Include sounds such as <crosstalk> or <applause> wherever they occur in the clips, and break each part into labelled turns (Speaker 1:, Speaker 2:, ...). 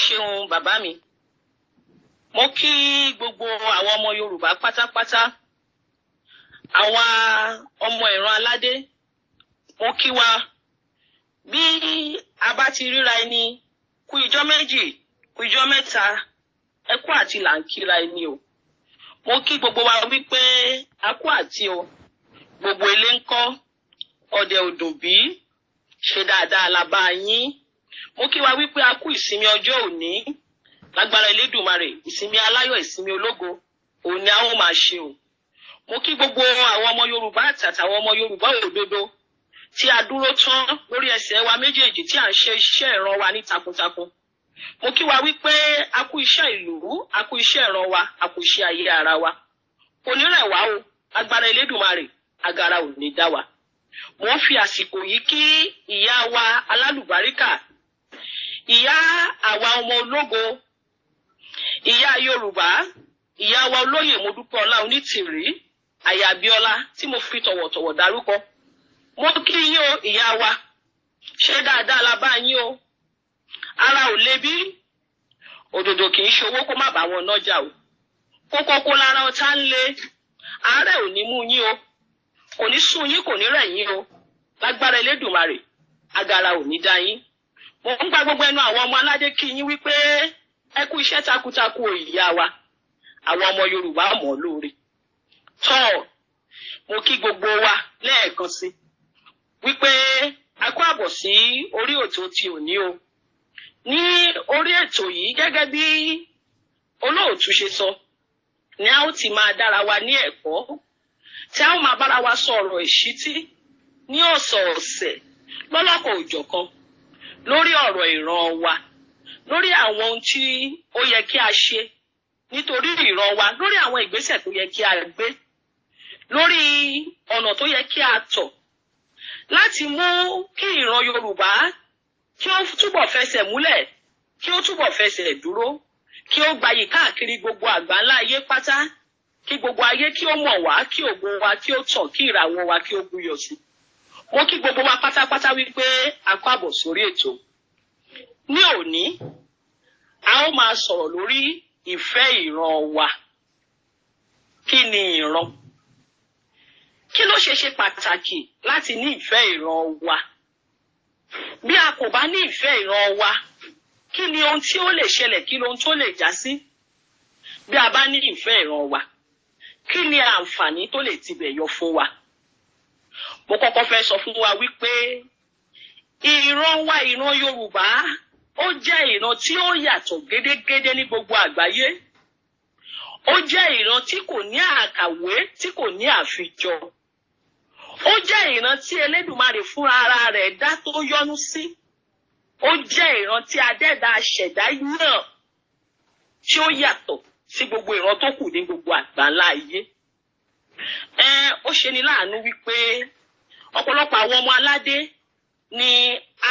Speaker 1: ṣeun bàbá mi mo kí gbogbo àwọn ọmọ Yorùbá pátápátá àwa ọmọ ìran aládé mo kí wa bí a bá ti ríra ẹni kú ijọ́ méjì kú ijọ́ mẹ́ta ẹ àti là ń kíra ẹni o mo kí gbogbo wa wípé a kú àti o gbogbo ilé ńkọ́ ọdẹ òdòbí ṣe dáadáa la bá yín mo kí wa wípé a kú ìsinmi ọjọ́ òní lágbára elédùnmarè ìsinmi aláyọ̀ ìsinmi ológo òní a ó máa ṣe o mo kí gbogbo àwọn ọmọ yorùbá àtàtàwọn ọmọ yorùbá òdodo tí a dúró tán lórí ẹsẹ̀ wa méjèèjì tí à ń ṣe iṣẹ́ ìran wa ní takuntakun mo kí wa wípé a kú iṣẹ́ ìlú a kú iṣẹ́ ìran wa a kú iṣẹ́ ayé ara wa kò o agbára elédùnmarè agara ò ní dá wa mo ń fi àsìkò yìí kí ìyá wa alálùbáríkà ìyá àwa ọmọ ológo ìyá yorùbá ìyá wa olóyè modúpẹ́ọlá onítìrí àyàbíọ́lá tí mo fi tọ̀wọ̀tọ̀wọ̀ dárúkọ mo kí yín o ìyá wa ṣé dáadáa la bá yín o ara ò lebi òdòdó kì í ṣowó kó má bá wọn nájà o kókó lára ọ̀tá ń le àárẹ̀ ò ní mú yín o kò ní sún yín kò ní rẹ̀ yín o lágbára elédùnmarè agara ò ní dá yín. mo ń gba gbogbo ẹnu àwọn ọmọ aládé kí yín wípé ẹ kú iṣẹ́ takuntakun ìyá wa àwọn ọmọ Yorùbá mọ̀ lóore tọ́ mo kí gbogbo wa lẹ́ẹ̀kan sí wípé a kó àbọ̀ sí orí ètò ti òní o ní orí ètò yìí gẹ́gẹ́ bí olóòtú ṣe sọ ni a ó ti máa dára wa ní ẹ̀kọ́ tí a ó máa bára wa sọ̀rọ̀ ìṣítí ní ọ̀sọ̀ọ̀sẹ̀ lọ́lọ́kọ̀ òjọ̀kan. lórí ọ̀rọ̀ ìran wa lórí àwọn ohun tí ó yẹ kí a ṣe nítorí ìran wa lórí àwọn ìgbésẹ̀ tó yẹ kí a gbé lórí ọ̀nà tó yẹ kí a tọ̀ láti mú kí ìran Yorùbá kí ó túbọ̀ fẹsẹ̀ múlẹ̀ kí ó túbọ̀ fẹsẹ̀ dúró kí ó gbayì káàkiri gbogbo àgbáńlá ayé pátá kí gbogbo ayé kí ó mọ̀ wá kí ògo wa kí ó tàn kí ìràwọ̀ wa kí ó búyọ sí i mo kí gbogbo wa pátápátá wípé a kú àbọ̀ sórí ètò ní òní a ó máa sọ̀rọ̀ lórí ìfẹ́ ìran wa kí ni ìran kí ló ṣe ṣe pàtàkì láti ní ìfẹ́ ìran wa bí a kò bá ní ìfẹ́ ìran wa kí ni ohun tí ó lè ṣẹlẹ̀ kí ni tó lè já sí bí a bá ní ìfẹ́ ìran wa kí ni àǹfààní tó lè tibẹ̀ yọ fún wa mo kọ́kọ́ fẹ́ sọ fún wa wípé ìran wa ìran Yorùbá ó jẹ́ ìran tí ó yàtọ̀ gédégédé ní gbogbo àgbáyé ó jẹ́ ìran tí kò ní àkàwé tí kò ní àfijọ ó jẹ́ ìran tí Elédùmarè fúnra ara rẹ̀ dá tó yọ́nú sí ó jẹ́ ìran tí adẹ́dá aṣẹ̀dá yàn tí ó yàtọ̀ sí gbogbo ìran tó kù ní gbogbo àgbáńlá ayé ẹ ó ṣe ni láàánú wípé ọ̀pọ̀lọpọ̀ àwọn ọmọ aládé ni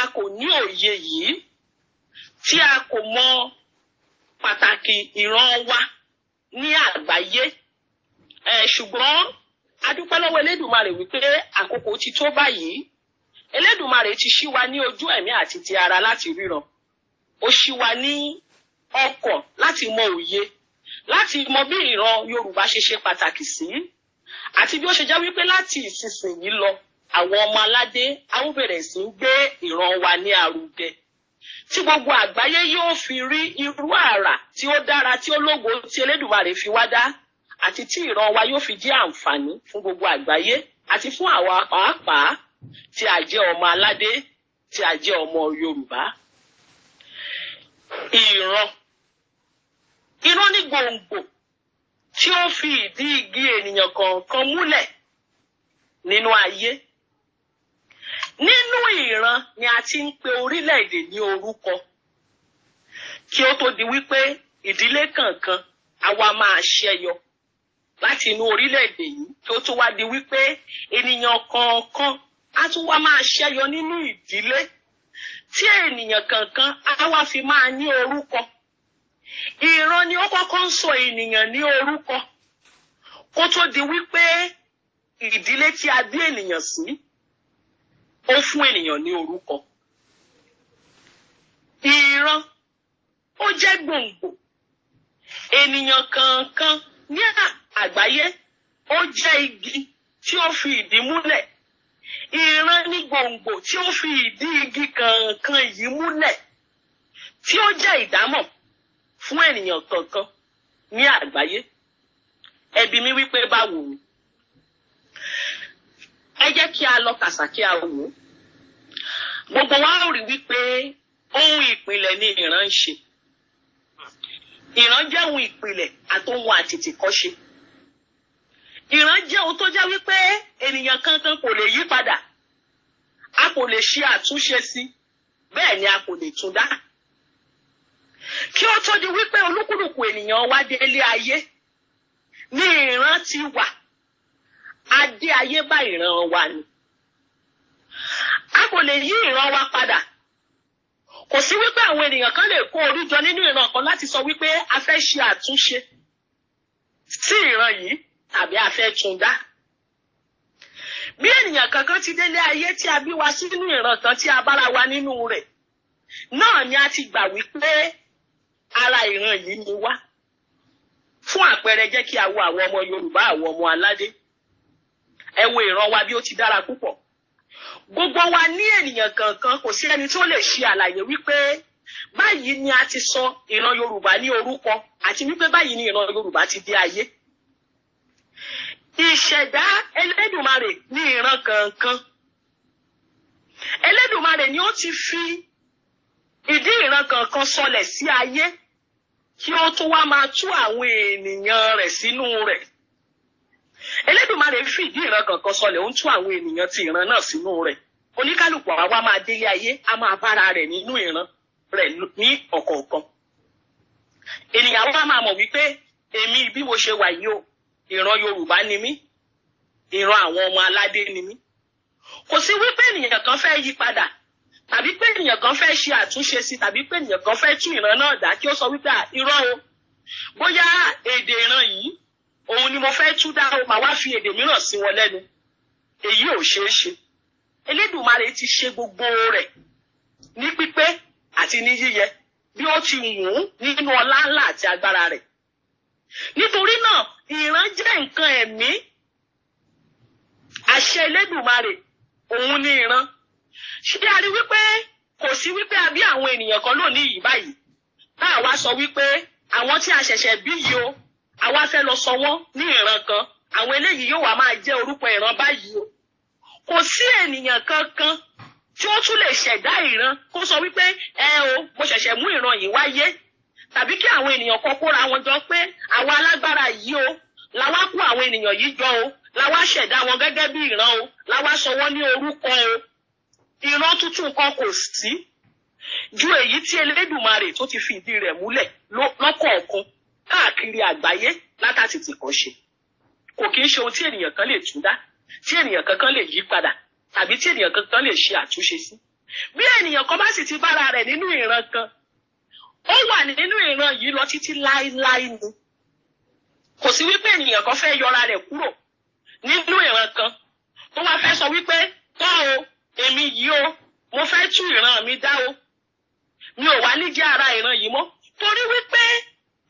Speaker 1: a kò ní òye yìí tí a kò mọ pàtàkì ìran wa ní àgbáyé ẹ ṣùgbọ́n a dúpẹ́ lọ́wọ́ Elédùmarè wípé àkókò ti tó báyìí Elédùmarè ti ṣí wa ní ojú ẹ̀mí àti ti ara láti ríran ó ṣí wa ní ọkọ̀ láti mọ òye láti mọ bí ìran Yorùbá ṣe ṣe pàtàkì sí. Si àti bí ó ṣe jẹ́ wípé láti ìsinsìnyí lọ àwọn ọmọ aládé á ó bẹ̀rẹ̀ sí í gbé ìran wa ní arugẹ tí gbogbo àgbáyé yóò fi rí irú àrà tí ó dára tí ó lógo tí Elédùmarè fi wá dá àti tí ìran wa yóò fi jẹ́ àǹfààní fún gbogbo àgbáyé àti fún àwa pàápàá tí a jẹ́ ọmọ aládé tí a jẹ́ ọmọ Yorùbá. Ìran ìran ní gbòǹgbò tí ó fi ìdí igi ènìyàn kọ̀ọ̀kan múlẹ̀ nínú ayé. Nínú ìran ni a ti ń pe orílẹ̀-èdè ní orúkọ. Kí ó tó di wípé ìdílé kọ̀ọ̀kan a wá máa ṣẹyọ láti inú orílẹ̀-èdè yìí kí ó tó wá di wípé ènìyàn kọ̀ọ̀kan a tún wá máa ṣẹyọ nínú ìdílé tí ènìyàn kọ̀ọ̀kan a wá fi máa ní orúkọ ìran ni ó kọ́kọ́ ń sọ ènìyàn ní orúkọ kó tó di wípé ìdílé tí a bí ènìyàn sí ó fún ènìyàn ní orúkọ ìran ó jẹ́ gbòǹgbò ènìyàn kọ̀ọ̀kan ní àgbáyé ó jẹ́ igi tí ó fi ìdí múlẹ̀ ìran ní gbòǹgbò tí ó fi ìdí igi kọ̀ọ̀kan yìí múlẹ̀ tí ó jẹ́ ìdámọ̀ fún ènìyàn kankan ní àgbáyé ẹbí mi wípé báwo ni ẹ jẹ́ kí a lọ kàṣà kí a wò ó gbogbo wa rí wípé ohun ìpìlẹ̀ ni ìran ń ṣe ìran jẹ́ ohun ìpìlẹ̀ àtohun àtètèkọ́ṣe ìran jẹ́ ohun tó jẹ́ wípé ènìyàn kankan kò lè yí padà a kò lè ṣe àtúnṣe sí bẹ́ẹ̀ ni a kò lè tún dá kí ó tó di wípé olúkúlùkù ènìyàn wá délé ayé ní ìran ti wà adé ayé bá ìran wa ni a kò lè yí ìran wa padà kò sí wípé àwọn ènìyàn kan lè kó orí nínú ìran kan láti sọ wípé a fẹ́ ṣe àtúnṣe sí ìran yìí tàbí a fẹ́ tún dá bí ènìyàn kankan ti délé ayé tí a bí wa sínú ìran kan tí a bára wa nínú rẹ̀ náà ni a ti gbà wípé ara ìran yìí ni wá fún àpẹẹrẹ jẹ́ kí a wo àwọn ọmọ Yorùbá àwọn ọmọ aládé ẹ wo ìran wa bí ó ti dára púpọ̀ gbogbo wa ní ènìyàn kankan kò sí ẹni tó lè ṣe àlàyé wípé báyìí ni a ti sọ ìran Yorùbá ní orúkọ àti wípé báyìí ni ìran Yorùbá ti dé ayé ìṣẹ̀dá Elédùmarè ní ìran kankan Elédùmarè ni ó ti fi ìdí ìran kankan sọlẹ̀ sí ayé kí ó tún wá máa tú àwọn ènìyàn rẹ̀ sínú rẹ̀ Elédùmarè fìdí ìran kankan sọlẹ̀ ó ń tú àwọn ènìyàn ti ìran náà sínú rẹ̀ oníkálùkù àwa máa délé ayé a máa bára rẹ̀ nínú ìran rẹ̀ ní ọ̀kọ̀ọ̀kan ènìyàn wa máa mọ̀ wípé èmi bí mo ṣe wà yìí o ìran Yorùbá ni mí ìran àwọn ọmọ aládé ni mí kò sí wípé ènìyàn kan fẹ́ yí padà tàbí pé ènìyàn kan fẹ́ ṣe àtúnṣe sí tàbí pé ènìyàn kan fẹ́ tún ìran náà dá kí ó sọ wípé irọ́ o bóyá èdè ìran yìí òun ni mo fẹ́ tú dá o màá wá fi èdè mìíràn sí wọn lẹ́nu èyí ò ṣeé ṣe Elédùmarè ti ṣe gbogbo rẹ̀ ní pípé àti ní yíyẹ bí ó ti wù ú nínú ọlá ńlá àti agbára rẹ̀ nítorí náà ìran jẹ́ nǹkan ẹ̀mí àṣẹ Elédùmarè òun ni ìran ṣé a rí wípé kò sí wípé a bí àwọn ènìyàn kan lónìí yìí báyìí tá a wá sọ wípé àwọn tí a ṣẹ̀ṣẹ̀ bí yìí o àwa fẹ́ lọ sọ wọ́n ní ìran kan àwọn eléyìí yóò wá máa jẹ́ orúkọ ìran báyìí o kò sí ènìyàn kankan tí ó tún lè ṣẹ̀dá ìran kó sọ wípé ẹ o mo ṣẹ̀ṣẹ̀ mú ìran yìí wáyé tàbí kí àwọn ènìyàn kan kóra wọn jọ pé àwa alágbára yìí o làwa kó àwọn ènìyàn yìí jọ o làwa ṣẹ̀dá wọn gẹ́gẹ́ bí ìran o làwa sọ wọ́n ní orúkọ o irọ́ tuntun kan kò sí ju èyí tí elédùmarè tó ti fi ìdí rẹ̀ múlẹ̀ lọ́kọ̀ọ̀kan káàkiri àgbáyé látàtìtì kan ṣe kò kí ń ṣe ohun tí ènìyàn kan lè tún dá tí ènìyàn kankan lè yí padà tàbí tí ènìyàn kankan lè ṣe àtúnṣe sí bí ènìyàn kan bá sì ti bára rẹ̀ nínú ìran kan ó wà nínú ìran yìí lọ títí láéláé ni kò sí wípé ènìyàn kan fẹ́ yọra rẹ̀ kúrò nínú ìran kan tó wá fẹ́ sọ wípé tọ́ o èmi yìí o mo fẹ́ tú ìran mi dá o mi ò wá ní jẹ́ ara ìran yìí mọ́ torí wípé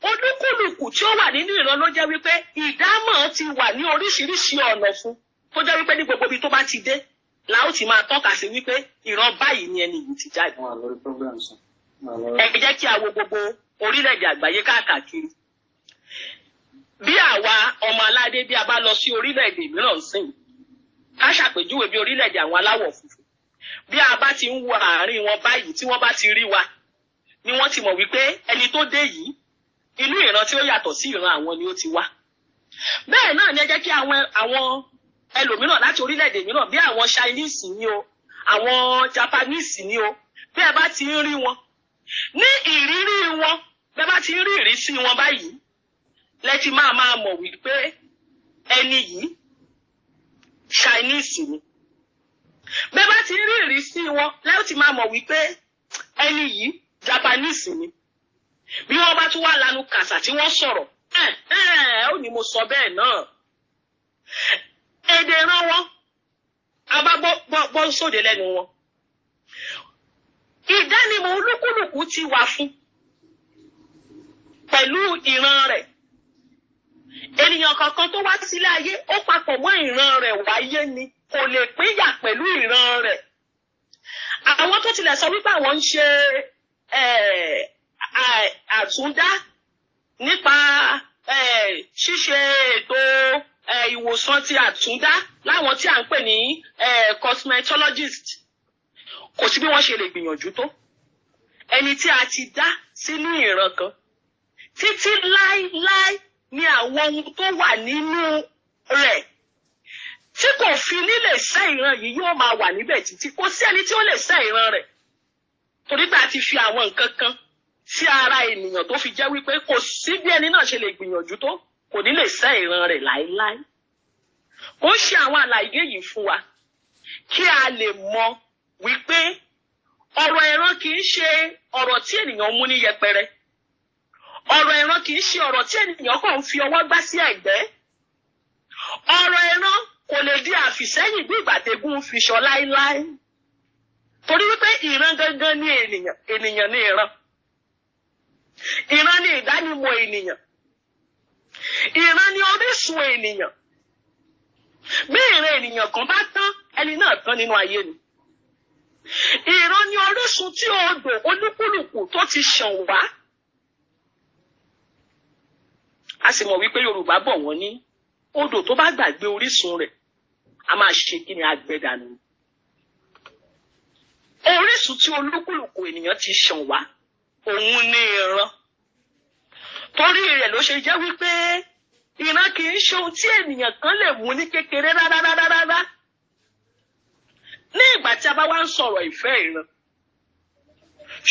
Speaker 1: olúkúlùkù tí ó wà nínú ìran ló jẹ́ wípé ìdámọ̀ ti wà ní oríṣiríṣi ọ̀nà fún tó jẹ́ wípé ní gbogbo ibi tó bá ti dé la ó ti máa tọ́ka sí wípé ìran báyìí ni ẹni yìí ti jáde. ẹ jẹ́ kí a wo gbogbo orílẹ̀-èdè àgbáyé káàkiri bí àwa ọmọ aládé bí a bá lọ sí orílẹ̀-èdè mìíràn sìn ká ṣàpèjúwe bí orílẹ̀-èdè àwọn aláwọ̀ funfun bí a bá ti ń wo àárín wọn báyìí tí wọ́n bá ti rí wa ni wọ́n ti mọ̀ wípé ẹni tó dé yìí inú ìran tí ó yàtọ̀ sí ìran àwọn ni ó ti wá bẹ́ẹ̀ náà ni ẹ jẹ́ kí àwọn àwọn ẹlòmíràn láti orílẹ̀-èdè mìíràn bí àwọn Chinese ni o àwọn Japanese ni o bí ẹ bá ti ń rí wọn ní ìrírí wọn bí ẹ bá ti ń rí ìrísí wọn báyìí lẹ ti máa máa mọ̀ wípé ẹni yìí Chinese ni bẹ́ẹ̀ bá ti rí ìrísí wọn lẹ́yìn tí máa mọ̀ wípé ẹni yìí Japanese ni bí wọ́n bá tún wà lanu kàṣà tí wọ́n sọ̀rọ̀ ẹ̀ ẹ̀ ó ní mo sọ bẹ́ẹ̀ náà èdè rán wọn abágbọ́ sóde lẹ́nu wọn ìdánimọ̀ olúkúlùkù ti wà fún pẹ̀lú ìran rẹ̀ ènìyàn kankan tó wá sílé ayé ó papọ̀ mọ́ ìran rẹ̀ wáyé ni kò lè pínyà pẹ̀lú ìran rẹ̀ àwọn tó tilẹ̀ sọ wípé àwọn ń ṣe àtúndá nípa ṣíṣe ètò ìwòsàn ti àtúndá láwọn tí à ń pè ní cosmetologist kò sí bí wọ́n ṣe lè gbìyànjú tó ẹni tí a ti dá sínú ìran kan títí láéláé ni àwọn ohun tó wà nínú rẹ̀ tí kò fi nílè ṣẹ́ ìran yìí yóò máa wà níbẹ̀ títí kò sí ẹni tí ó lè ṣẹ́ ìran rẹ̀ torí pé a ti fi àwọn nǹkan kan sí ara ènìyàn tó fi jẹ́ wípé kò sí bí ẹni náà ṣe lè gbìyànjú tó kò ní lè ṣẹ́ ìran rẹ̀ láéláé ó ṣe àwọn àlàyé yìí fún wa kí a lè mọ wípé ọ̀rọ̀ ẹran kì í ṣe ọ̀rọ̀ tí ènìyàn mú ní yẹpẹrẹ ọ̀rọ̀ ẹran kì í ṣe ọ̀rọ̀ tí ènìyàn kàn ń fi ọwọ́ gbá sí ẹ̀gbẹ́ ọ̀rọ̀ ẹran kò lè di àfìsẹ́yìn bí ìgbàdégún fi sọ torí wípé ìran gangan ni ènìyàn ènìyàn ni ìran ìran ni ìdánimọ̀ ènìyàn ìran ni orísun ènìyàn bí ìran ènìyàn kan bá tán ẹni náà tán nínú ayé ni ìran ni orísun tí odò olúkúlùkù tó ti ṣàn wá a sì mọ̀ wípé yorùbá bọ̀ wọ́n ní odò tó bá gbàgbé orísun rẹ̀ a máa ṣe kí ni agbẹ́dànù. orísun tí olúkúlùkù ènìyàn ti ṣàn wá òun ni ìran torí rẹ̀ ló ṣe jẹ́ wípé ìran kì í ṣe ohun tí ènìyàn kan lè mú ní kékeré rárárárá ní ìgbà tí a bá wá ń sọ̀rọ̀ ìfẹ́ ìran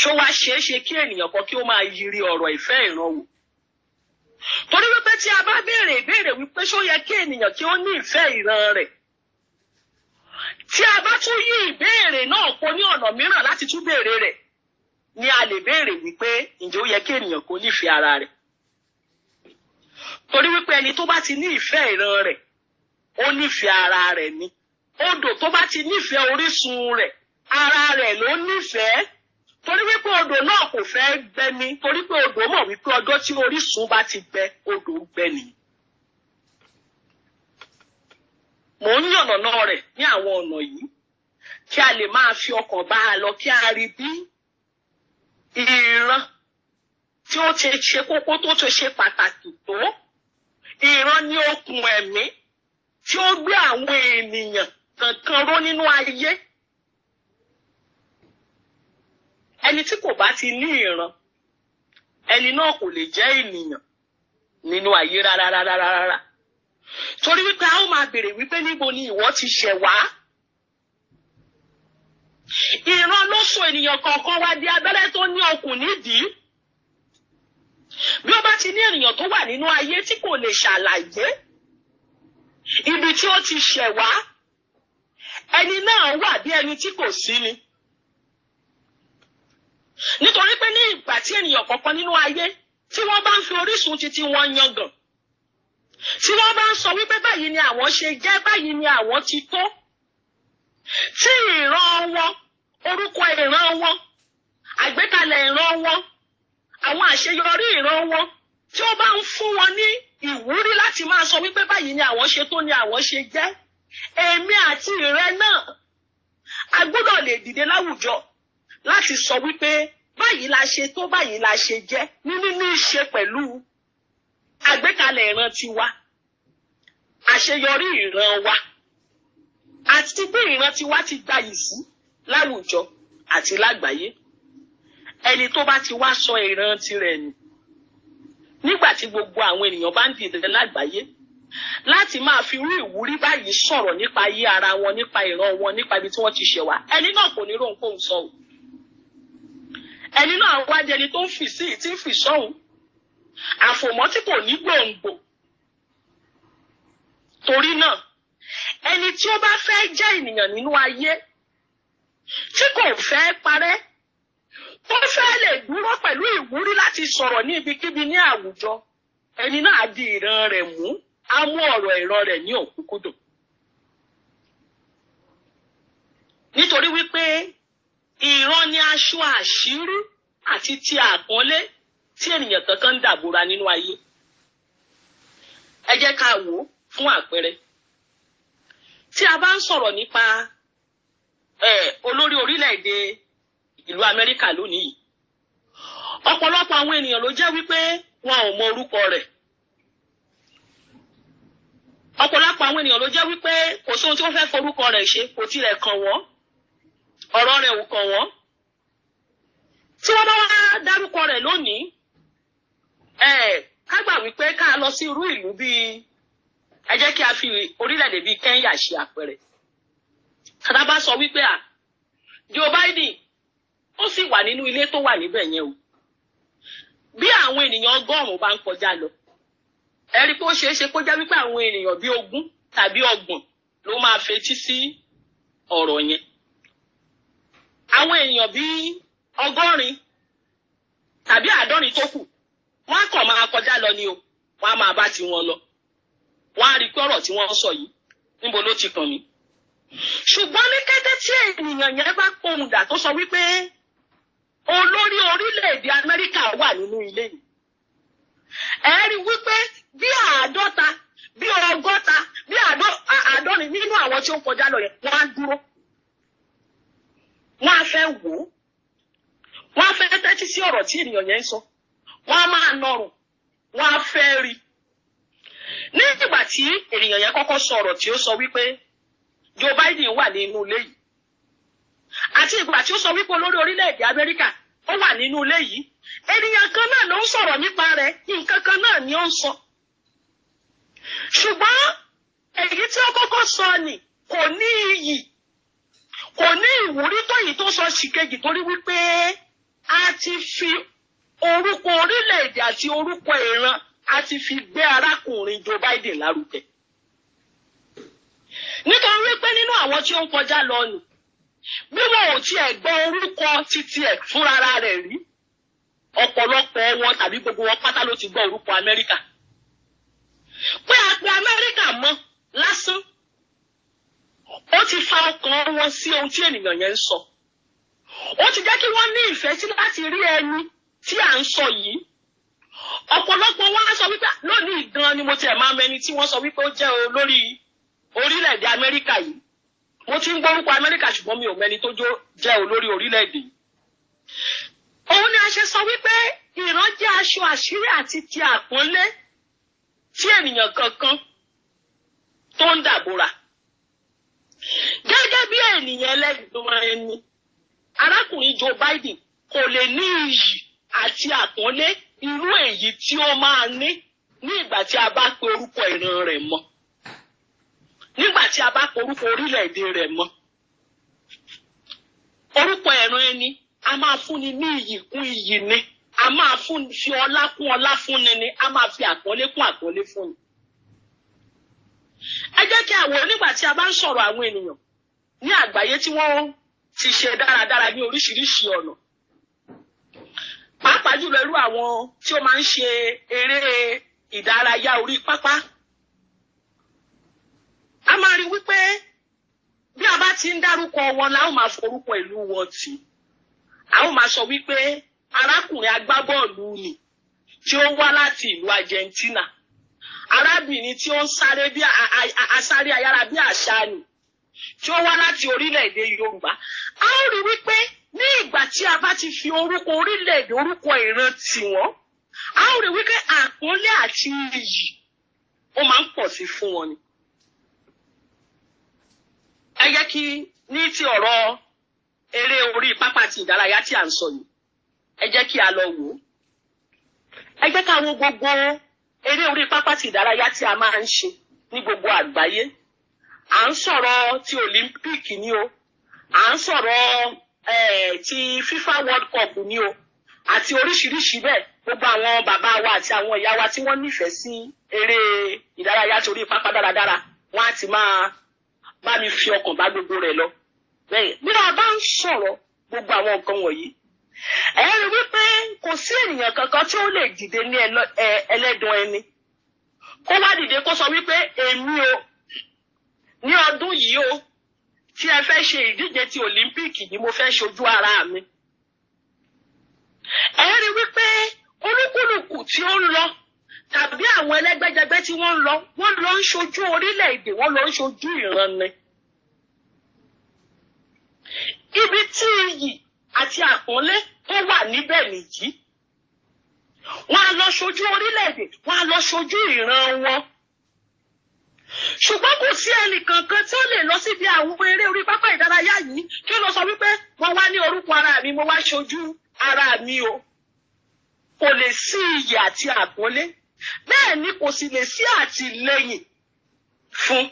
Speaker 1: ṣó wá ṣeé kí ènìyàn kan kí ó máa yiri ọ̀rọ̀ ìfẹ́ ìran wò torí wípé tí a bá béèrè ìbéèrè wípé ṣó yẹ kí ènìyàn kí ó ní ìfẹ́ ìran rẹ̀ tí a bá tún yí ìbéèrè náà kó ní ọ̀nà mìíràn láti tún béèrè rẹ̀ ni a lè béèrè wípé ǹjẹ́ ó yẹ kí ènìyàn kó ara rẹ̀ torí wípé ẹni tó bá ti ní ìfẹ́ ìran rẹ̀ ó ara rẹ̀ ni odò tó bá ti nífẹ̀ẹ́ orísun rẹ̀ ara rẹ̀ ló nífẹ̀ẹ́ torí wípé odò náà kò fẹ́ gbẹ ni torí pé odò mọ̀ wípé ọjọ́ tí orísun bá ti gbẹ odò gbẹ ni. mò ń yànnàná rẹ̀ ní àwọn ọ̀nà yìí kí a lè máa fi ọkàn bá a lọ kí a rí bí ìran tí ó ti ṣe kókó tó ti ṣe pàtàkì tó ìran ní okùn ẹ̀mí tí ó gbé àwọn ènìyàn kankan ró nínú ayé. ẹni tí kò bá ti ní ìran ẹni náà kò lè jẹ́ ènìyàn nínú ayé rárá rárá rárá torí wípé a ó máa béèrè wípé níbo ni ìwọ ti ṣẹ̀ wá ìran ló so ènìyàn kọ̀ọ̀kan wá di abẹ́rẹ́ tó ní okùn nídìí bí ó bá ti ní ènìyàn tó wà nínú ayé tí kò lè ṣàlàyé ibi tí ó ti ṣẹ̀ wá ẹni náà wà bí ẹni tí kò sí ni nítorí pé ní ìgbà tí ènìyàn kọ̀ọ̀kan nínú ayé tí wọ́n bá ń fi orísun títí wọn yangàn tí wọ́n bá ń sọ wípé báyìí ni àwọn ṣe jẹ́ báyìí ni àwọn ti tó tí ìran wọn orúkọ ìran wọn àgbékalẹ̀ ìran wọn àwọn àṣeyọrí ìran wọn tí ó bá ń fún wọn ní ìwúrí láti máa sọ wípé báyìí ni àwọn ṣe tó ni àwọn ṣe jẹ́ èmi àti ìrẹ náà a gbọ́dọ̀ lè dìde láwùjọ láti sọ wípé báyìí la ṣe tó báyìí la ṣe jẹ́ nínú ní í ṣe pẹ̀lú àgbékalẹ̀ ìran tiwa àṣeyọrí ìran wa àti pé ìran tiwa ti gba ìsí láwùjọ àti lágbàáyé ẹni tó bá ti wá sọ ìran tirẹ̀ nù nígbà tí gbogbo àwọn ènìyàn bá ń dìde lágbàáyé láti máa fi irú ìwúrí báyìí sọ̀rọ̀ nípa ayé ara wọn nípa ìran wọn nípa ibi tí wọ́n ti ṣẹ̀ wá ẹni náà kò ní rohun kóhun sọ o ẹni náà wá jẹni tó ń fì sí tí ń fì sọ́hùn àfòmọ́ tí kò ní gbòǹgbò torí náà ẹni tí ó bá fẹ́ jẹ́ ènìyàn nínú ayé tí kò fẹ́ parẹ́ tó fẹ́ lè dúró pẹ̀lú ìwúrí láti sọ̀rọ̀ ní ibikíbi ní àwùjọ ẹni náà di ìran rẹ̀ mú á mú ọ̀rọ̀ ìran rẹ̀ ní òkúkúdò nítorí wípé ìran ni aṣọ àṣírí àti ti àpọ́nlé tí ènìyàn kankan ń dàbòra nínú ayé ẹ jẹ́ ká wò ó fún àpẹẹrẹ tí a bá ń sọ̀rọ̀ nípa olórí orílẹ̀-èdè ìlú Amẹ́ríkà lónìí yìí ọ̀pọ̀lọpọ̀ àwọn ènìyàn ló jẹ́ wípé wọn ò mọ orúkọ rẹ̀ ọ̀pọ̀lọpọ̀ àwọn ènìyàn ló jẹ́ wípé kò sóhun tí wọ́n fẹ́ forúkọ rẹ̀ ṣe kò tilẹ̀ kàn wọ́n ọ̀rọ̀ rẹ̀ ò kàn wọ́n tí wọ́n bá wá dárúkọ rẹ̀ lónìí ẹ̀ ká gbà wípé ká lọ sí irú ìlú bíi ẹ jẹ́ kí a fi orílẹ̀-èdè bíi Kenya ṣe àpẹẹrẹ tàdá bá sọ wípé à Joe Biden ó sì wà nínú ilé tó wà níbẹ̀ yẹn o bí àwọn ènìyàn ọgọ́rùn-ún bá ń kọjá lọ ẹ rí i pé ó ṣeé ṣe kó jẹ́ wípé àwọn ènìyàn bíi ogún tàbí ọgbọ̀n ló máa fetí sí ọ̀rọ̀ yẹn àwọn èèyàn bíi ọgọ́rin tàbí àádọ́rin tó kù wọ́n á máa kọjá lọ ni o wọ́n á máa bá wọn lọ wọ́n á rí pé ọ̀rọ̀ tí wọ́n sọ yìí níbo ló ti kàn mí. ṣùgbọ́n ní kété tí ènìyàn yẹn bá pohùn dà tó sọ wípé olórí orílẹ̀-èdè Amẹ́ríkà wà nínú ilé yìí ẹ rí wípé bí àádọ́ta bí ọgọ́ta bí àádọ́rin nínú àwọn fẹ́ wò ó wọ́n fẹ́ tẹ́tí sí ọ̀rọ̀ tí ènìyàn yẹn ń sọ wọ́n á máa nọrùn wọ́n fẹ́ rí ní tí ènìyàn yẹn kọ́kọ́ sọ ọ̀rọ̀ tí ó sọ wípé Joe Biden wà nínú ilé yìí àti ìgbà tí ó sọ wípé olórí orílẹ̀-èdè Amẹ́ríkà ó wà nínú ilé yìí ènìyàn kan náà ló ń sọ̀rọ̀ nípa rẹ̀ nǹkan kan náà ni ó ń sọ ṣùgbọ́n èyí tí ó kọ́kọ́ sọ ni kò ní iyì kò ní ìwúrí tó yìí tó sọ ṣìkejì torí wípé a ti fi orúkọ orílẹ̀-èdè àti orúkọ ìran a ti fi gbé arákùnrin Joe Biden lárugẹ nítorí wípé nínú àwọn tí ó ń kọjá lọ nù bí wọn ò tiẹ̀ gbọ́ orúkọ títí ẹ̀ fúnra rẹ̀ rí ọ̀pọ̀lọpọ̀ wọn tàbí gbogbo wọn pátá ló ti gbọ́ orúkọ Amẹ́ríkà pé a pe Amẹ́ríkà mọ́ lásán ó ti fa ọkàn wọn sí ohun tí ènìyàn yẹn ń sọ ó ti jẹ́ kí wọ́n ní ìfẹ́ sí láti rí ẹni tí à ń sọ yìí ọ̀pọ̀lọpọ̀ wọn á sọ wípé lónìí gan ni mo tiẹ̀ máa mẹni tí wọ́n sọ wípé ó jẹ́ olórí orílẹ̀-èdè Amẹ́ríkà yìí mo ti ń gbórúkọ Amẹ́ríkà ṣùgbọ́n mi ò mẹni tó jẹ́ olórí orílẹ̀-èdè òun ni a ṣe sọ wípé ìran jẹ́ aṣọ àṣírí àti ti àpọ́nlé tí ènìyàn kankan tó ń dàbòrà gẹ́gẹ́ bí ènìyàn ẹlẹ́gbẹ̀rún ẹni arákùnrin Joe Biden kò lè ní iyì àti àpọ́nlé irú èyí tí ó máa ní ní ìgbà tí a bá pe orúkọ ìran rẹ̀ mọ́ nígbà tí a bá pe orúkọ orílẹ̀-èdè rẹ̀ mọ́ orúkọ ìran ẹni a máa fúnni ní iyì kún iyì ni a máa fi ọlá kún ọlá fúnni ni a máa fi àpọ́nlé kún àpọ́nlé fúnni ẹ jẹ́ kí àwọn nígbà tí a bá ń sọ̀rọ̀ àwọn ènìyàn ní àgbáyé tí wọ́n ti ṣe dáradára ní oríṣiríṣi ọ̀nà pàápàá jùlọ irú àwọn tí ó máa ń ṣe eré ìdárayá orí pápá a máa rí wípé bí a bá ti ń dárúkọ wọn la ó máa forúkọ ìlú wọn tì a ó máa sọ wípé arákùnrin agbábọ́ọ̀lù ni tí ó wá láti ìlú Argentina arábìnrin tí ó ń sáré bí asáré ayára bí àṣà ni tí ó wá láti orílẹ̀-èdè Yorùbá a ó rí wípé ní ìgbà tí a bá ti fi orúkọ orílẹ̀-èdè orúkọ ìran tiwọn a ó rí wípé àpọ́nlé àti iyì ó máa ń pọ̀ sí fún wọn ni. ẹ jẹ́ kí ní ti ọ̀rọ̀ eré orí pápá ti ìdárayá tí à ń sọ yìí ẹ jẹ́ kí a lọ wò ó ẹ jẹ́ ká wo gbogbo eré orí pápá ti ìdárayá tí a máa ń ṣe ní gbogbo àgbáyé à ń sọ̀rọ̀ ti olympic ni o à ń sọ̀rọ̀ ti fifa world cup ni o àti oríṣiríṣi bẹ́ẹ̀ gbogbo àwọn bàbá wa àti àwọn ìyá wa tí wọ́n nífẹ̀ẹ́ sí eré ìdárayá torí pápá dáradára wọ́n á ti máa bá mi fi ọkàn bá gbogbo rẹ̀ lọ bẹ́ẹ̀ bí a bá ń sọ̀rọ̀ gbogbo àwọn nǹkan wọ̀nyí ẹ rí wípé kò sí ènìyàn kankan tí ó lè dìde ní ẹlẹ́dùn ẹni kó wá dìde kó sọ wípé èmi o ní ọdún yìí o tí ẹ fẹ́ ṣe ìdíje ti Òlímpíìkì ni mo fẹ́ ṣojú ara mi ẹ rí wípé olúkúlùkù tí ó ń lọ tàbí àwọn ẹlẹ́gbẹ́jẹgbẹ́ tí wọ́n ń lọ wọ́n lọ ń ṣojú orílẹ̀-èdè wọ́n lọ ń ṣojú ìran ni ibi tí iyì àti àpọ́nlé tó wà níbẹ̀ nìyí wọ́n á lọ ṣojú orílẹ̀-èdè wọ́n á lọ ṣojú ìran wọn ṣùgbọ́n kò sí ẹnì kankan tí ó lè lọ síbi àwọn eré orí pápá ìdárayá yìí kí ó lọ sọ wípé mo wá ní orúkọ ara mi mo wá ṣojú ara mi o kò lè sí iyì àti àpọ́nlé bẹ́ẹ̀ ni kò sì lè sí àtìlẹ́yìn fún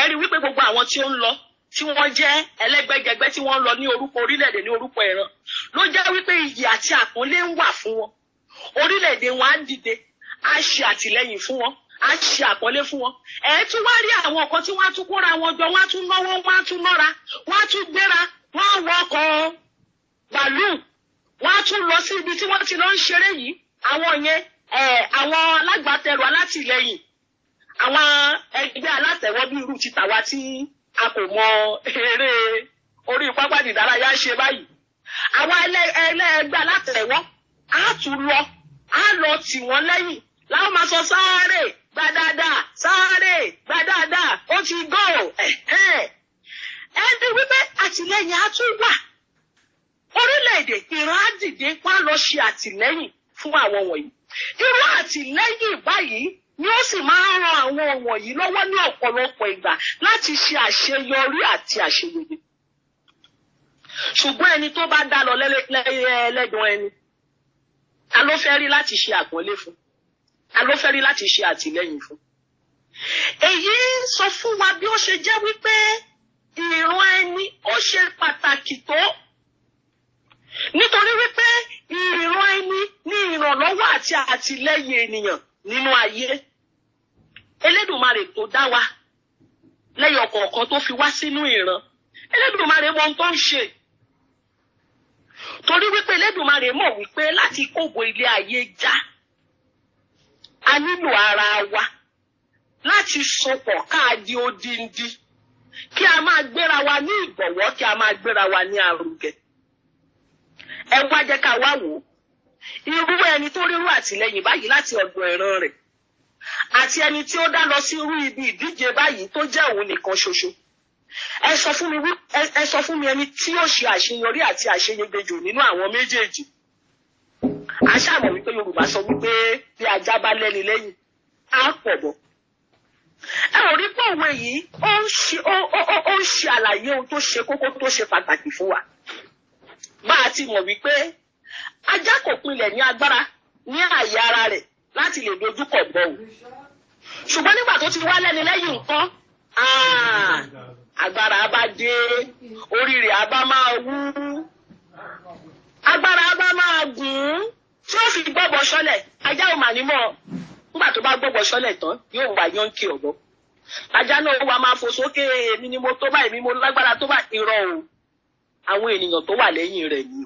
Speaker 1: ẹ̀rí wípé gbogbo àwọn tí ó ń lọ tí wọ́n jẹ́ ẹlẹ́gbẹ́jẹgbẹ́ tí wọ́n lọ ní orúkọ orílẹ̀-èdè ní orúkọ ẹ̀ràn ló jẹ́ wípé iyì àti àpọ́nlé ń wà fún wọn orílẹ̀-èdè wọn á dìde á ṣe àtìlẹ́yìn fún wọn á ṣe àpọ́nlé fún wọn ẹ̀ tún wá rí àwọn kan tí wọ́n á tún kóra wọn jọ wọ́n á tún náwó wọ́n á tún nọ́ra wọ́n á tún gbéra wọ́n á wọ ọkọ̀ bàálù wọ́n á tún lọ sí ibi tí wọ́n ti lọ ń ṣeré yìí àwọn yẹn àwọn alágbàtẹrù alátìlẹ́yìn àwọn ẹgbẹ́ alátẹ̀wọ́ bí irú ti tàwa tí a kò mọ eré orí pápá ìdárayá ṣe báyìí àwọn ẹlẹ́gbẹ́ alátẹ̀wọ́ á tún lọ á lọ tì wọ́n lẹ́yìn láwọn máa sọ sáré gba dáadáa sáré gba dáadáa ó ti gò ẹni wípé àtìlẹ́yìn á tún wà orílẹ̀-èdè ìran á dìde wá lọ ṣe àtìlẹ́yìn fún àwọn wọ̀nyí irú àtìlẹ́yìn báyìí ni ó sì máa ń ran àwọn wọ̀nyí lọ́wọ́ ní ọ̀pọ̀lọpọ̀ ìgbà láti ṣe àṣeyọrí àti àṣeyọrí. ṣùgbọ́n ẹni tó bá dá lọ lẹ́gbọ̀n ẹni ta ló fẹ́ rí láti ṣe àpọ́nlé fún ta ló fẹ́ rí láti ṣe àtìlẹ́yìn fún. èyí sọ fún wa bí ó ṣe jẹ́ wípé ìran ẹni ó ṣe pàtàkì tó nítorí wípé ìran ẹni ní ìrànlọ́wọ́ àti àtìlẹ́yìn ènìyàn nínú ayé elédùnmarè tó dá wa lẹ́yọ̀ kọ̀ọ̀kan tó fi wá sínú ìran elédùnmarè mọ ohun tó ń ṣe torí wípé elédùnmarè mọ̀ wípé láti kógo ilé ayé já a nílò ara wa láti sopọ̀ káàdì odindi kí a máa gbéra wa ní ìgbọ̀wọ́ kí a máa gbéra wa ní arugẹ ẹ wá jẹ́ ká wá wò irú ẹni tó rírú àtìlẹ́yìn báyìí láti ọ̀dọ̀ ìran rẹ̀ àti ẹni tí ó dá lọ sí irú ibi ìdíje báyìí tó jẹ́ òun nìkan ṣoṣo ẹ sọ fún mi wí ẹ sọ fún mi ẹni tí ó ṣe àṣeyọrí àti àṣeyegbejo nínú àwọn méjèèjì a ṣàmọ̀ wípé Yorùbá sọ wípé bí ajá bá lẹ́ni lẹ́yìn á pọ̀ bọ̀ ẹ ò rí pé òwe yìí ó ń ṣe ó ń ṣe àlàyé ohun tó ṣe kókó tó ṣe pàtàkì fún wa bá a ti mọ̀ wípé ajá kò pinlẹ̀ ní agbára ní àyè ara rẹ̀ láti lè dojúkọ bọ o ṣùgbọ́n nígbà tó ti wá lẹ́ni lẹ́yìn nǹkan ah, agbára bá dé oríire a bá máa wú agbára bá máa gùn tí ó fi gbọ́bọ̀ sọ́lẹ̀ ajá ò mà nímọ̀ nígbà tó bá gbọ́bọ̀ sọ́lẹ̀ tán yóò wá yánkì ọ̀gbọ́. ajá náà wà máa fò sókè èmi ni mo tó bá èmi mo lágbára tó bá irọ́ o àwọn ènìyàn tó wà lẹ́yìn rẹ̀ ni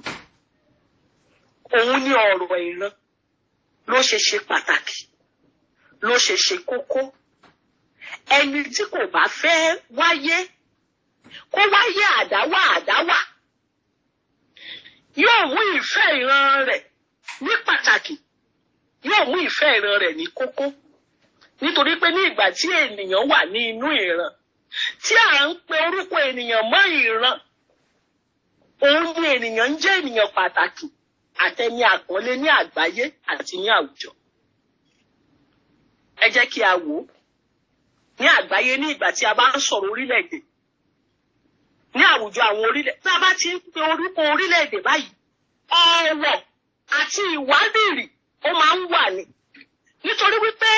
Speaker 1: òun ní ọ̀rọ̀ ìran ló ṣe ṣe pàtàkì ló ṣe ṣe kókó ẹni tí kò bá fẹ́ wáyé kó wáyé àdáwà àdáwà yóò mú ìfẹ́ ìran rẹ̀ ní pàtàkì yóò mú ìfẹ́ ìran rẹ̀ ní kókó nítorí pé ní ìgbà tí ènìyàn wà ní inú ìran tí à ń pe orúkọ ènìyàn mọ́ ìran òun àtẹni àpọ́nlé ní àgbáyé àti ní àwùjọ. ẹ jẹ́ kí a wò ó ní àgbáyé ní ìgbà tí a bá ń sọ̀rọ̀ orílẹ̀-èdè ní àwùjọ àwọn orílẹ̀ tí a bá ti ń pe orúkọ orílẹ̀-èdè báyìí ọ̀wọ̀ àti ìwádìrì ó máa ń wà ní. nítorí wípé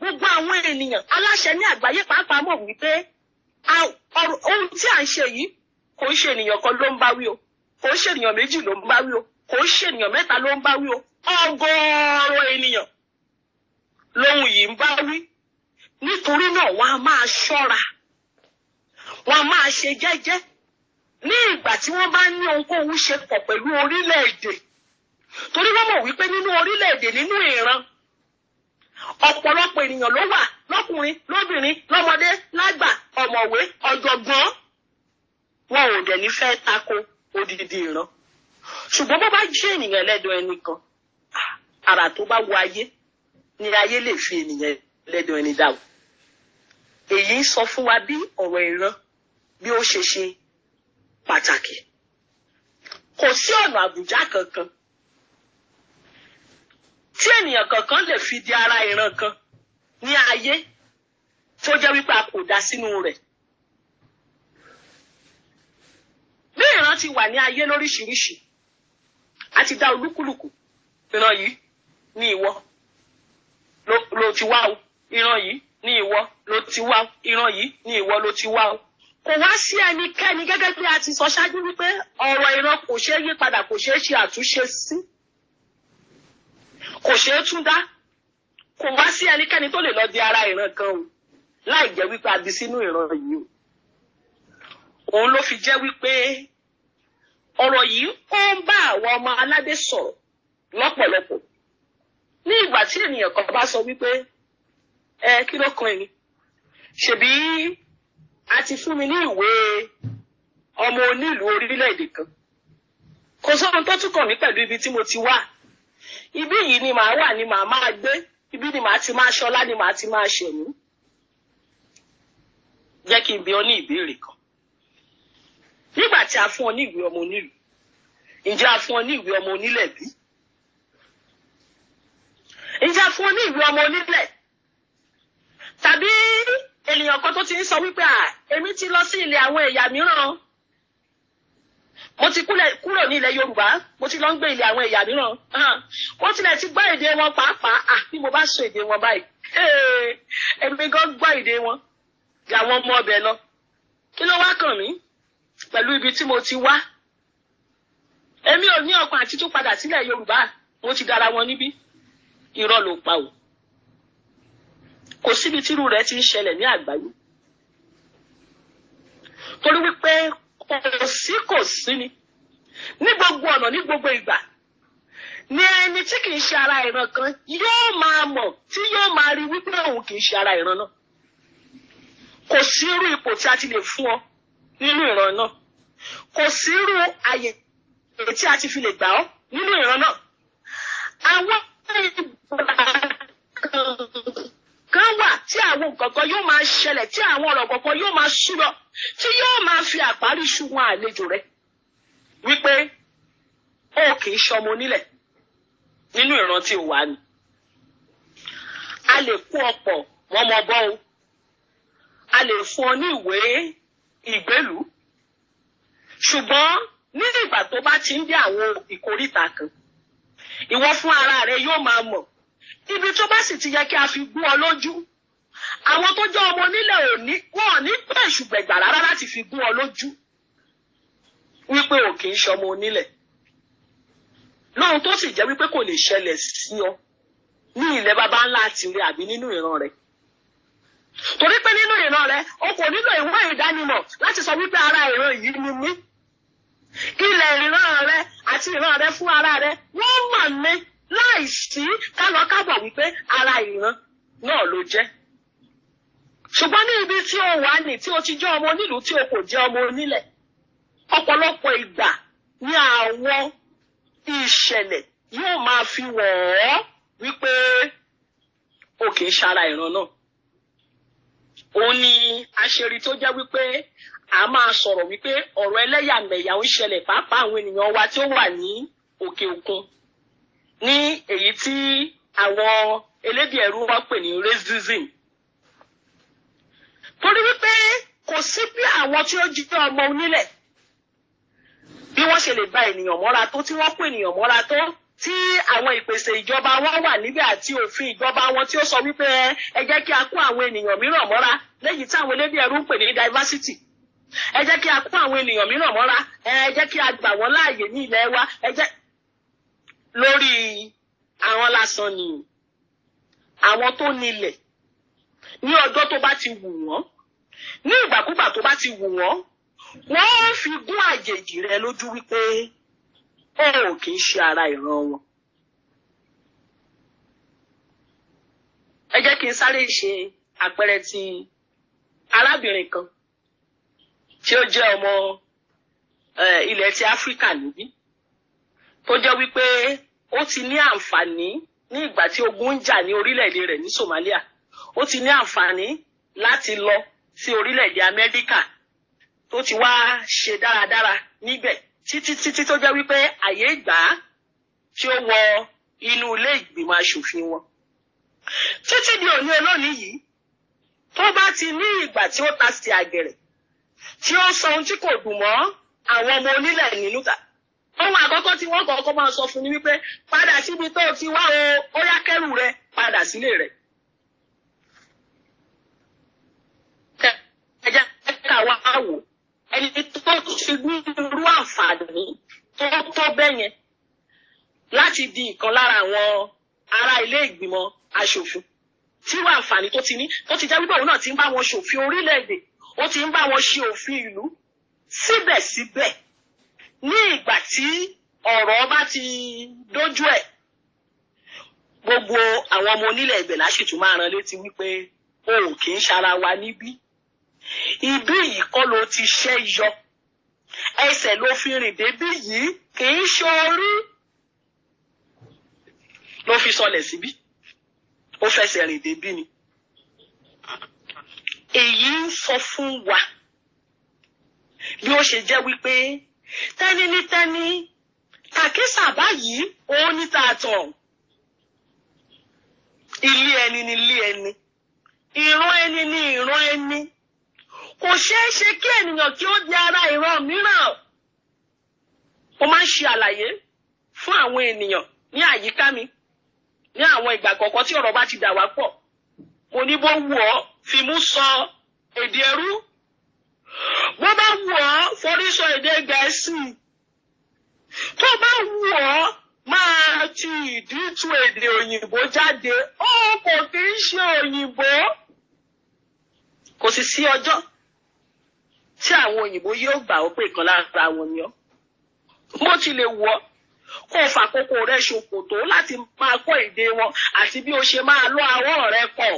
Speaker 1: gbogbo àwọn ènìyàn aláṣẹ ní àgbáyé pàápàá mọ̀ wípé ohun tí à ń ṣe yìí kò ń ṣe ènìyàn kan ló ń bá wí o kò ń ṣe ènìyàn méjì ló ń bá wí o kò ń ṣènìyàn mẹ́ta ló ń bá wí o ọgọ́rọ̀ ènìyàn lòun yìí ń bá wí nítorí náà wọn a máa ṣọ́ra wọn a máa ṣe jẹ́jẹ́ ní ìgbà tí wọ́n bá ní ohunkóhun ṣe pọ̀ pẹ̀lú orílẹ̀-èdè torí wọ́n mọ̀ wípé nínú orílẹ̀-èdè nínú ìran ọ̀pọ̀lọpọ̀ ènìyàn ló wà lọ́kùnrin lóbìnrin lọ́mọdé lágbà ọ̀mọ̀wé ọ̀jọ̀gbọ́n wọn ò dẹ̀ ní fẹ́ tako odidi ìran ṣùgbọ́n bó bá jí ènìyàn lẹ́dọ̀ ẹni kan àrà tó bá wo ayé ni ayé lè fi ènìyàn lẹ́dọ̀ ẹni dà o èyí ń sọ fún wa bí ọ̀rọ̀ ìran bí ó ṣe ṣe pàtàkì kò sí ọ̀nà àbùjá kankan tí ènìyàn kankan lè fi di ara ìran kan ní ayé tó jẹ́ wípé a kò dá sínú rẹ̀. bí ìran ti wà ní ayé lóríṣiríṣi a ti dá olúkúlùkù ìran yìí ní ìwọ ló ti wá o ìran yìí ní ìwọ ló ti wá o ìran yìí ní ìwọ ló ti wá o kò wá sí ẹnikẹ́ni gẹ́gẹ́ bí a ti sọ ṣáájú wípé ọ̀rọ̀ ìran kò ṣeé yí padà kò ṣeé ṣe àtúnṣe sí kò ṣeé tún dá kò wá sí ẹnikẹ́ni tó lè lọ di ara ìran kan o láì jẹ́ wípé a di sínú ìran yìí o òun ló fi jẹ́ wípé ọ̀rọ̀ yìí ó ń bá àwọn ọmọ aládé sọ̀rọ̀ lọ́pọ̀lọpọ̀ ní ìgbà tí ènìyàn kan bá sọ wípé ẹ kí ló kan ẹni ṣebí a ti fún mi ní ìwé ọmọ onílùú orílẹ̀-èdè kan kò sóhun tó tún kàn mí pẹ̀lú ibi tí mo ti wà ibí yìí ni màá wà ni màá máa gbé ibí ni màá ti máa ṣọlá ni màá ti máa ṣẹ̀mí jẹ́ kí n bi ọ́ ní ìbéèrè kan. nígbà tí a fún ọ ní ìwé ọmọ onílùú ǹjẹ́ a fún ọ ní ìwé ọmọ onílẹ̀ bí? ǹjẹ́ a fún ọ ní ìwé ọmọ onílẹ̀? tàbí ènìyàn kan tó ti ń sọ wípé à èmi ti lọ sí ilẹ̀ àwọn ẹ̀yà mìíràn mo ti kúrò ní ilẹ̀ Yorùbá mo ti lọ ń gbé ilẹ̀ àwọn ẹ̀yà mìíràn ó tilẹ̀ ti gbọ́ èdè wọn pàápàá à bí mo bá sọ èdè wọn báyìí <laughs> èmi gan gbọ́ èdè wọn gàwọn ọmọ ọbẹ̀ lọ kí ló wá kàn mí? pẹ̀lú ibi tí mo ti wá èmi ò ní ọkàn àti tún padà sílẹ̀ yorùbá mo ti dára wọn níbí irọ́ ló pa o kò síbi tírú rẹ̀ ti ń ṣẹlẹ̀ ní àgbáyé torí wípé kò sí kò sí ni ní gbogbo ọ̀nà ní gbogbo ìgbà ní ẹni tí kìí ṣe ara ìran kan yóò máa mọ̀ tí yóò máa rí wípé òun kìí ṣe ara ìran náà kò sí irú ipò tí a ti lè fún ọ nínú ìran náà kò sírú àyè tí a ti fi lè gbà ọ́ nínú ìran náà àwọn ìgbà kan wà tí àwọn kọ̀ọ̀kan yóò máa ṣẹlẹ̀ tí àwọn ọ̀rọ̀ kọ̀ọ̀kan yóò máa ṣúlọ tí yóò máa fi àparí ṣùgbọ́n àlejò rẹ wípé ó kì í ṣọmọ onílẹ̀ nínú ìran tí ò wá ni a lè kó ọ̀pọ̀ wọn bọ́ o a lè fún ọ ní ìwé ìgbélú ṣùgbọ́n nígbà tó bá ti ń dé àwọn ìkóríta kan ìwọ fún ara rẹ yóò máa mọ̀ ibi tó bá sì ti yẹ kí a fi gbú ọ lójú àwọn tó jẹ́ ọmọ onílẹ̀ òní wọn ò ní pẹ́ ṣùgbẹ̀gbà rárá láti fi gbú ọ lójú wípé ò kì í ṣọmọ onílẹ̀ lóhun tó sì jẹ́ wípé kò lè ṣẹlẹ̀ sí ọ ní ilẹ̀ baba ńlá tirẹ̀ àbí nínú ìran rẹ̀ torí pé nínú ìran rẹ o kò nílò ìwé ìdánimọ̀ láti sọ wípé ara ìran yìí ni mí ilẹ̀ ìran rẹ àti ìran rẹ fún ara rẹ wọ́n mọ̀ mí láì sí kálọ́kábọ̀ wípé ara ìran náà ló jẹ́ ṣùgbọ́n ní ibi tí o wà ní tí o ti jẹ́ ọmọ onílùú tí o kò jẹ́ ọmọ onílẹ̀ ọ̀pọ̀lọpọ̀ ìgbà ni àwọn ìṣẹ̀lẹ̀ yóò máa fi wọ̀ ọ́ wípé o kì í ṣara ìran náà òun ni àṣírí tó jẹ́ wípé a máa sọ̀rọ̀ wípé ọ̀rọ̀ ẹlẹ́yàmẹ̀yà ń ṣẹlẹ̀ pàápàá àwọn ènìyàn wa tí ó wà ní òkè òkun ní èyí tí àwọn elédè ẹ̀rú wa pè ní racism. torí wípé kò sí bí àwọn tí ó jẹ́ ọmọ onílẹ̀ bí wọ́n ṣe lè gba ènìyàn mọ́ra tó tí wọ́n kó ènìyàn mọ́ra tó tí àwọn ìpèsè ìjọba wọn wà níbẹ̀ àti òfin ìjọba wọn tí ó sọ wípé ẹ jẹ́ kí a kó àwọn ènìyàn mìíràn mọ́ra léyìí táwọn elédè ẹrú ń pè ní diversity ẹ jẹ́ kí a kó àwọn ènìyàn mìíràn mọ́ra ẹ jẹ́ kí a gbà wọ́n láàyè ní ilẹ̀ wa ẹ jẹ́ lórí àwọn lásán ni àwọn tó nílẹ̀ ní ọjọ́ tó bá ti wù wọ́n ní ìgbàkúgbà tó bá ti wù wọ́n wọ́n fi gún àjèjì rẹ lójú wípé ẹ ò kì í ṣe ara ìran wọn. ẹ jẹ́ kí n sáré ṣe àpẹẹrẹ ti arábìnrin kan tí ó jẹ́ ọmọ ilẹ̀ ti áfíríkà níbí tó jẹ́ wípé ó ti ní àǹfààní ní ìgbà tí ogun ń jà ní orílẹ̀-èdè rẹ̀ ní Somalia ó ti ní àǹfààní láti lọ sí orílẹ̀-èdè Amẹ́ríkà tó ti wá ṣe dáradára níbẹ̀ títí títí tó jẹ́ wípé àyè gbà á tí ó wọ inú ilé ìgbìmọ̀ asòfin wọn. títí di òní olónìí yìí tó bá ti ní ìgbà tí ó ta sí àgẹ̀rẹ̀ tí ó sọ ohun tí kò dùn mọ́ àwọn ọmọ onílẹ̀ nínú ta ohun àkọ́kọ́ tí wọ́n kọ́kọ́ máa sọ fún ni wípé padà síbi tó ti wá o ó yá kẹ́rù rẹ padà sílé rẹ. ẹ jẹ́ ká wá wò ó ẹni tó ti ní irú àǹfààní tó tó bẹ́ẹ̀ yẹn láti di ìkan lára àwọn ará ilé ìgbìmọ̀ aṣòfin tí irú àǹfààní tó ti ní tó ti jẹ́ wípé òun náà ti ń bá wọn ṣòfin orílẹ̀-èdè ó ti ń bá wọn ṣe òfin ìlú síbẹ̀síbẹ̀ ní ìgbà tí ọ̀rọ̀ bá ti dójú ẹ̀ gbogbo àwọn ọmọ onílẹ̀ ibẹ̀ láṣìtú máa rán létí wípé o ò kì í ṣara wa níbí ibi yìí kọ́ ló ti ṣẹ́ yọ ẹsẹ̀ ló fi rìn débí yìí kì í ṣe orí ló fi sọlẹ̀ síbí ó fẹsẹ̀ rìn débí ni èyí ń sọ fún wa bí ó ṣe jẹ́ wípé tẹ́ni ní tẹ́ni tàkísà báyìí òun ní tààtọ̀ ilé ẹni ní ilé ẹni ìran ẹni ní ìran ẹni kò ṣeé ṣe kí ènìyàn kí ó di ara ìran mìíràn mo máa ń ṣe àlàyé fún àwọn ènìyàn ní àyíká mi ní àwọn ìgbà kọ̀ọ̀kan tí ọ̀rọ̀ bá ti dà wá pọ̀ mo ní bó wù ọ́ fi mú sọ èdè ẹrú bó bá wù ọ́ forí sọ èdè gẹ̀ẹ́sì tó bá wù ọ́ máa ti ìdítú èdè òyìnbó jáde ó kò kì í ṣe òyìnbó kò sì sí ọjọ́ tí àwọn òyìnbó yóò gbà ó pé kan lára wọn ni ọ bó ti lè wọ kó o fàkókò rẹ ṣòkòtò láti máa kọ́ èdè wọn àti bí o ṣe máa lọ àwọ̀ rẹ pọ̀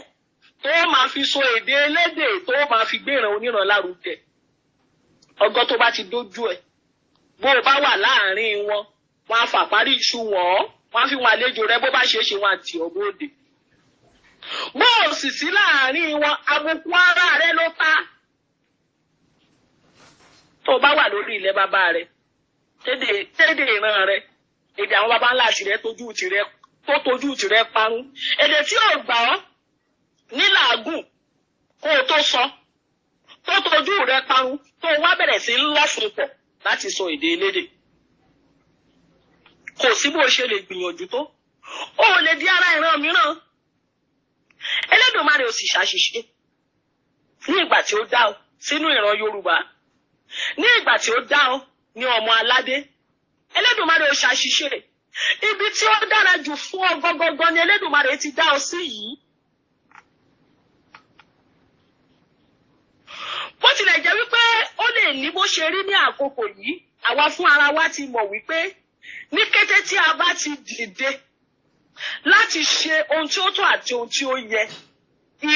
Speaker 1: tó máa fi so èdè elédè tó máa fi gbéran oníran lárugẹ ọgọ tó bá ti dójú ẹ bó o bá wà láàárín wọn wọn á fàparí iṣu wọn wọn á fi wọn àlejò rẹ bó bá ṣe é ṣe wọn àti ọgbọ́n òde bó o sì sí láàárín wọn àbùkù ara rẹ ló ta tó bá wà lórí ilẹ̀ bàbá rẹ tédè ìran rẹ èdè àwọn bàbá ńlá tìrẹ tójú tìrẹ tó tójú tìrẹ parun èdè tí ò gbà ọ́ ní làágùn kó o tó sọ tó tójú rẹ parun tó wá bẹ̀rẹ̀ sí lọ́fun pọ̀ láti sọ èdè elédè kò sí bó ṣe lè gbìyànjú tó o lè di ara ìran mìíràn Elédùmarè ò sì ṣàṣìṣe ní ìgbà tí ó dá ọ sínú ìran Yorùbá ní ìgbà tí ó dá ọ ní ọmọ aládé Elédùmarè ó ṣàṣìṣe ibi tí ó dára jù fún ọ gọgọgọ ni Elédùmarè ti dá ọ sí yìí. bó tilẹ̀ jẹ́ wípé ó lè ní bó ṣe rí ní àkókò yìí àwa fún ara wa ti mọ̀ wípé ní kété tí a bá ti dìde láti ṣe ohun tí ó tọ́ àti ohun tí ó yẹ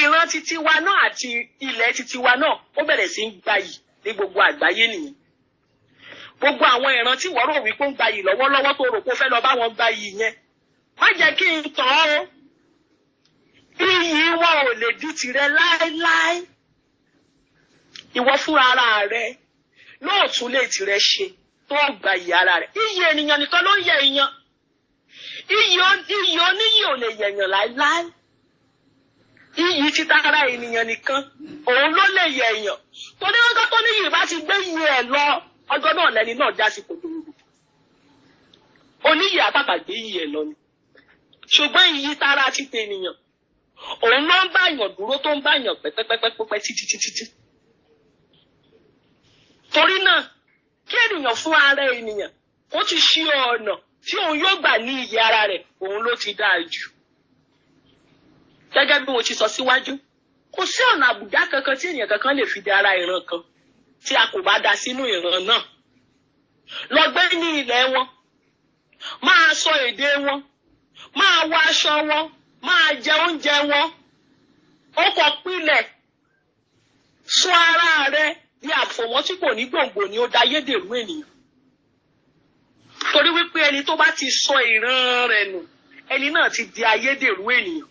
Speaker 1: ìran titiwa náà àti ilẹ̀ titiwa náà ó bẹ̀rẹ̀ sí í gbayì ní gbogbo àgbáyé nìyẹn gbogbo àwọn ìran tí wọ́n rò wípé ń gba yìí lọ́wọ́lọ́wọ́ tó rò pé ó fẹ́ lọ bá wọn gba yìí yẹn má jẹ́ kí n tàn án o iyì wọn ò lè di tìrẹ láéláé ìwọ fúnra ara rẹ náà tún lè tìrẹ ṣe tó gba iyì ara rẹ iyì ènìyàn nìkan ló ń yẹ èèyàn iyì oníyì ò lè yẹ̀yàn láéláé iyì ti tara ènìyàn nìkan òun ló lè yẹ èèyàn torí ọjọ́ tó ní yìí bá ti gbé yìí ẹ̀ lọ ọjọ́ náà lẹ́ni náà já sí kòtò òru oníyì àbàbà gbé yìí ẹ̀ lọ ni ṣùgbọ́n iyì tara ti tẹ ènìyàn òun ló ń báyàn dúró tó ń báyàn pẹ́pẹ́pẹ́pẹ́ títí títí torí náà kí ènìyàn fún ara ènìyàn kó ti ṣí ọ̀nà tí òun yóò gbà ní iyì ara rẹ̀ òun ló ti dáa jù gẹ́gẹ́ bí mo ti sọ síwájú kò sí ọ̀nà àbùdá kankan tí èèyàn kankan lè fi dára ìran kan tí a kò bá da sínú ìran náà lọ gbé ní ilẹ̀ wọn máa sọ èdè wọn máa wọ aṣọ wọn máa jẹ oúnjẹ wọn ó kọ pilẹ̀ sún ara rẹ ní àfọ̀mọ́ tí kò ní gbòǹgbò ni ó da ayédèrú ènìyàn torí wípé ẹni tó bá ti sọ ìran rẹ̀ nù ẹni náà ti di ayédèrú ènìyàn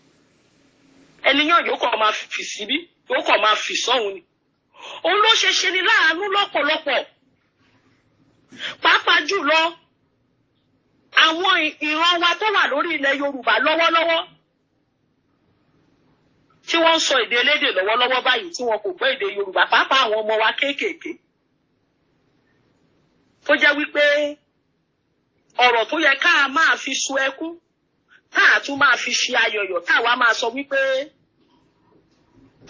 Speaker 1: ẹni yàn yóò kàn máa fì síbí yóò kàn máa fì sọ́hun ni òun ló ṣe ṣe ni láàánú lọ́pọ̀lọpọ̀ pàápàá jùlọ àwọn ìran wa tó wà lórí ilẹ̀ Yorùbá lọ́wọ́lọ́wọ́ tí wọ́n ń sọ èdè elédè lọ́wọ́lọ́wọ́ báyìí tí wọn kò gbọ́ èdè Yorùbá pàápàá àwọn ọmọ wa kéékèèké tó jẹ́ wípé ọ̀rọ̀ tó yẹ ká máa fi sun ẹkún tá a tún máa fi ṣe ayọ̀yọ̀ tá a wá máa sọ wípé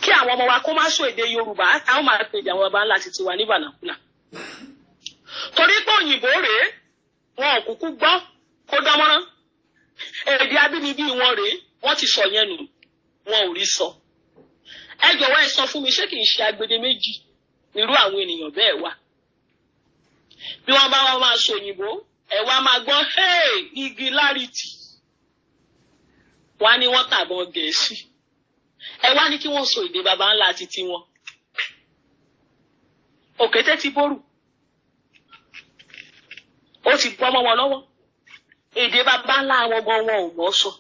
Speaker 1: kí àwọn ọmọ wa kó má sọ èdè Yorùbá a ó máa pèdè àwọn baba ńlá títí wa ní bànàkúlà torí pé òyìnbó rèé wọn ò kúkú gbọ́ kó dánmọ́rán èdè abínibí wọn rèé wọ́n ti sọ yẹn nù wọn ò rí sọ ẹ jọ̀wọ́ ẹ sọ fún mi ṣé kì ṣe agbede méjì nírú àwọn ènìyàn bẹ́ẹ̀ wà bí wọ́n bá wọn máa sọ òyìnbó ẹ wá máa gbọ́ igi lárí wá ní wọ́n tàbọn gẹ̀ẹ́sì ẹ wá ní kí wọ́n sọ èdè baba ńlá àti tiwọn òkété ti bórù ó ti bọ́ mọ́ wọn lọ́wọ́ èdè baba ńlá àwọn ọmọ wọn ò mọ̀ sọ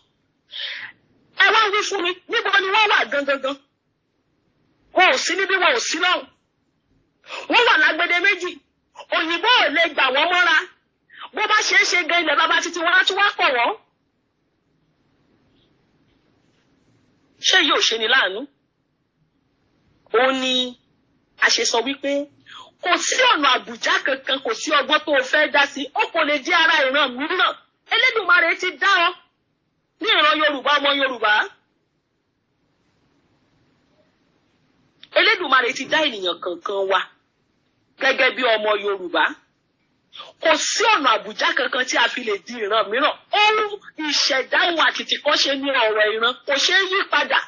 Speaker 1: ẹ wá wí fún mi níbo ni wọ́n wà gangan wọn ò sí níbí wọn ò sí lọ́hùn wọ́n wà lágbede méjì òyìnbó ò lè gbà wọ́n mọ́ra bó bá ṣeé ṣe gan ilẹ̀ baba títí wọn á tún wá pọ̀ wọ́n. ṣé yóò ṣe ni láàánú ó ní a ṣe sọ wípé kò sí ọ̀nà àbùjá kankan kò sí ọgbọ́n tó o fẹ́ dá sí ó kò lè jẹ́ ara ìran mìíràn Elédùmarè ti dá ọ ní ìran Yorùbá ọmọ Yorùbá Elédùmarè ti dá ènìyàn kankan wa gẹ́gẹ́ bí ọmọ Yorùbá kò sí ọ̀nà àbùjá kankan tí a fi lè di ìran mìíràn ohun ìṣẹ̀dá ìwà àtìtìkọ́ṣe ní ọ̀rọ̀ ìran kò ṣeé yí padà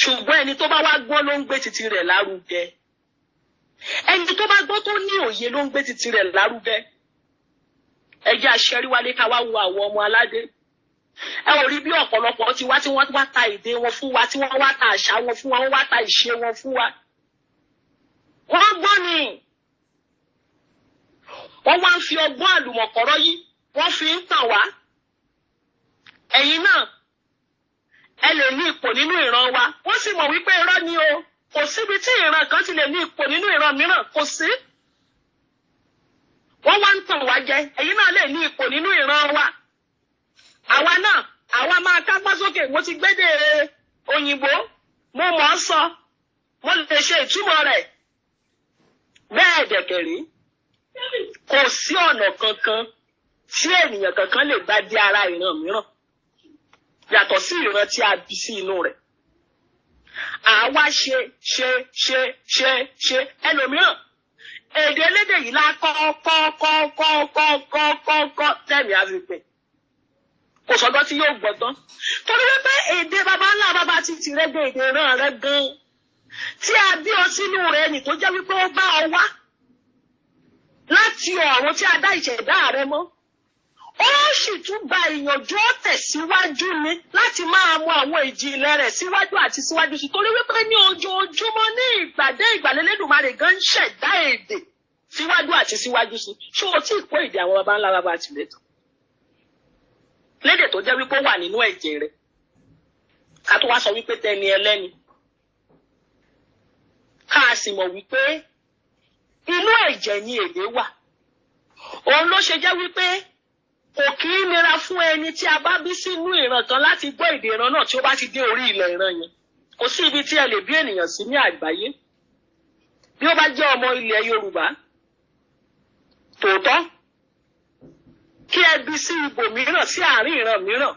Speaker 1: ṣùgbọ́n ẹni tó bá wá gbọ́ ló ń gbé titi rẹ̀ lárugẹ ẹni tó bá gbọ́ tó ní òye ló ń gbé titi rẹ̀ lárugẹ ẹ jẹ́ aṣẹ́ríwálé ká wá wo àwọn ọmọ aládé ẹ ò rí bí ọ̀pọ̀lọpọ̀ ti wá tí wọ́n wá ta èdè wọn fún wa tí wọ́n wá ta àṣà wọn fún wa wọ́n wá ta ìṣe wọn fún wa wọ́n gbọ́ ni wọ́n wá ń fi ọgbọ́n àlùmọ̀kọ́rọ́ yìí wọ́n fi ń tàn wá ẹ̀yin náà ẹ lè ní ipò nínú ìran wa wọ́n sì mọ̀ wípé irọ́ ni o kò síbi tí ìran kan ti lè ní ipò nínú ìran mìíràn kò sí wọ́n wá ń tàn wá jẹ ẹ̀yin náà lè ní ipò nínú ìran wa àwa náà àwa máa kápá sókè mo ti gbédè òyìnbó mo mọ̀ ọ́ sọ mo lè ṣe ìtumọ̀ rẹ̀ bẹ́ẹ̀ dẹ̀kẹ̀rí kò sí ọ̀nà kankan tí ènìyàn kankan lè gbà di ara ìran mìíràn yàtọ̀ sí ìran tí a bí sí inú rẹ̀ àwa ṣe ṣe ṣe ṣe ṣe ẹlòmíràn èdè elédè yìí la kọ́ kọ́ kọ́ kọ́ kọ́ kọ́ kọ́ kọ́ tẹ̀mí àfipè kò sọ́dọ̀ tí yóò gbọ́dọ̀ torí wípé èdè baba ńlá baba ti ti rẹ́gbẹ̀ẹ́ èdè ràn rẹ́ gan-an tí a bí ọ sínú rẹ̀ nì tó jẹ́ wípé ó bá ọ wá láti ọ̀run tí a dá ìṣẹ̀dá rẹ mọ́ ó sì tún gba ìyànjú ó tẹ̀síwájú ni láti máa mú àwọn ìjìnlẹ̀ rẹ̀ síwájú àti síwájú sí torí wípé ní ojoojúmọ́ ní ìgbàdé ìgbàlélẹ́dùnmarè gan ń ṣẹ̀dá èdè síwájú àti síwájú sí ṣé o tí ì kó èdè àwọn baba ńlá baba àti lẹ́tọ̀ lédè tó jẹ́ wípé ó wà nínú ẹ̀jẹ̀ rẹ̀ ká tó wá sọ wípé tẹni ẹlẹ́ni ká a sì mọ̀ wípé inú ẹ̀jẹ̀ ni èlé wà òun ló ṣe jẹ́ wípé kò kí í nira fún ẹni tí a bá bí sínú ìran kan láti gbọ́ èdè ìran náà tí ó bá ti dé orí ilẹ̀ ìran yẹn kò sí ibi tí ẹ lè bí ènìyàn sí ní àgbáyé bí ó bá jẹ́ ọmọ ilẹ̀ Yorùbá tòótọ́ kí ẹ bí sí ibò mìíràn sí àárín ìran mìíràn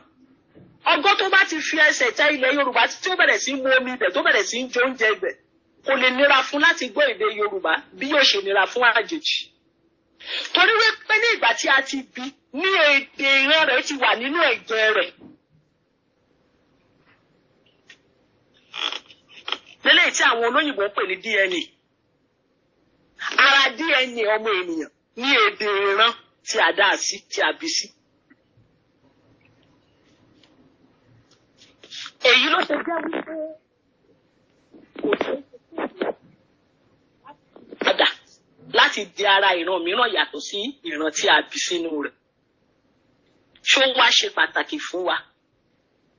Speaker 1: ọgọ́ tó bá ti fi ẹsẹ̀ tẹ ilẹ̀ Yorùbá tí ó bẹ̀rẹ̀ sí mu omi ibẹ̀ tó bẹ̀rẹ̀ sí ń jẹ oúnjẹ ibẹ̀ kò lè nira fún láti gbọ́ èdè Yorùbá bí yóò ṣe nira fún àjèjì torí wípé ní ìgbà tí a ti bí ní èdè ìran rẹ̀ ti wà nínú ẹ̀jẹ̀ rẹ̀. lélẹ́yìí tí àwọn olóyìnbó pè ní DNA ara DNA ọmọ ènìyàn ní èdè ìran tí a dá sí tí a bí sí. èyí ló ṣe jẹ́ wípé kò tó. láti di ara ìran mìíràn yàtọ̀ sí ìran tí a bí sínú rẹ̀ ṣó wá ṣe pàtàkì fún wa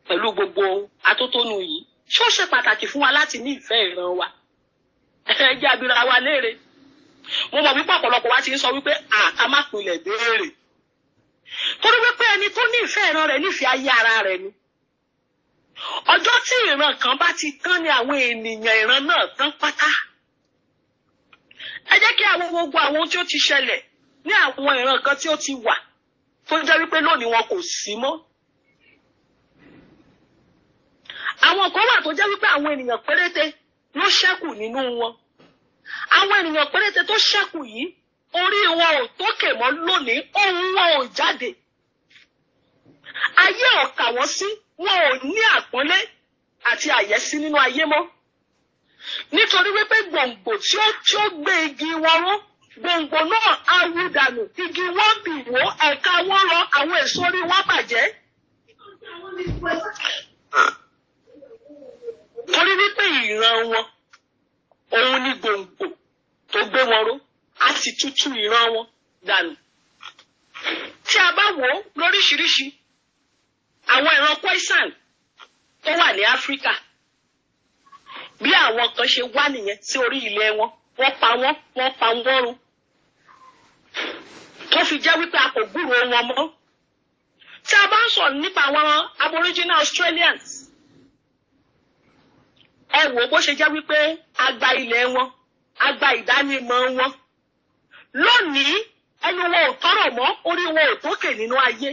Speaker 1: pẹ̀lú gbogbo atótónu yìí ṣó ṣe pàtàkì fún wa láti ní ìfẹ́ ìran wa ẹ jẹ́ abira wa léèrè mo mọ̀ wípé ọ̀pọ̀lọpọ̀ wa ti ń sọ wípé àká má pinlẹ̀ béèrè torí wípé ẹni tó ní ìfẹ́ ìran rẹ̀ nífẹ̀ẹ́ ayé ara rẹ̀ ni ọjọ́ tí ìran kan bá ti tán ni àwọn ènìyàn ìran náà tán pátá ẹ jẹ́ kí àwọn gbogbo àwọn tí ó ti ṣẹlẹ̀ ní àwọn ìran kan tí ó ti wà tó jẹ́ wípé lónìí wọn kò sí mọ́. àwọn kan wà tó jẹ́ wípé àwọn ènìyàn péréte ló ṣẹ́kù nínú wọn. àwọn ènìyàn péréte tó ṣẹ́kù yìí orí wọn ò tókè mọ́ lónìí ohùn wọn ò jáde. ayé ọ̀kà wọ́n sí wọn ò ní àpọ́nlé àti àyẹ́sí nínú ayé mọ́ nítorí wípé gbòǹgbò tí ó tí ó gbé igi wọn ró gbòǹgbò náà á wú dànù igi wọn bì wó ẹ̀ka wọn rọ àwọn èso orí wọn bàjẹ́. torí wípé ìran wọn òun ni gbòǹgbò tó gbé wọn ró á sì tútù ìran wọn dànù. tí a bá wò ó lóríṣiríṣi àwọn ìran poison tó wà ní Áfíríkà. bí àwọn kan ṣe wá nìyẹn sí orí ilé wọn wọ́n pa wọn, wọn pa wọ́n run tó fi jẹ́ wípé a kò gbúrò wọn mọ. tí a bá ń sọ̀rọ̀ nípa àwọn aboriginal Australians ẹ wò bó ṣe jẹ́ wípé a gba ilẹ̀ wọn a gba ìdánimọ̀ wọn lónìí ẹnu wọn ò tọrọ mọ orí wọn ò tókè nínú ayé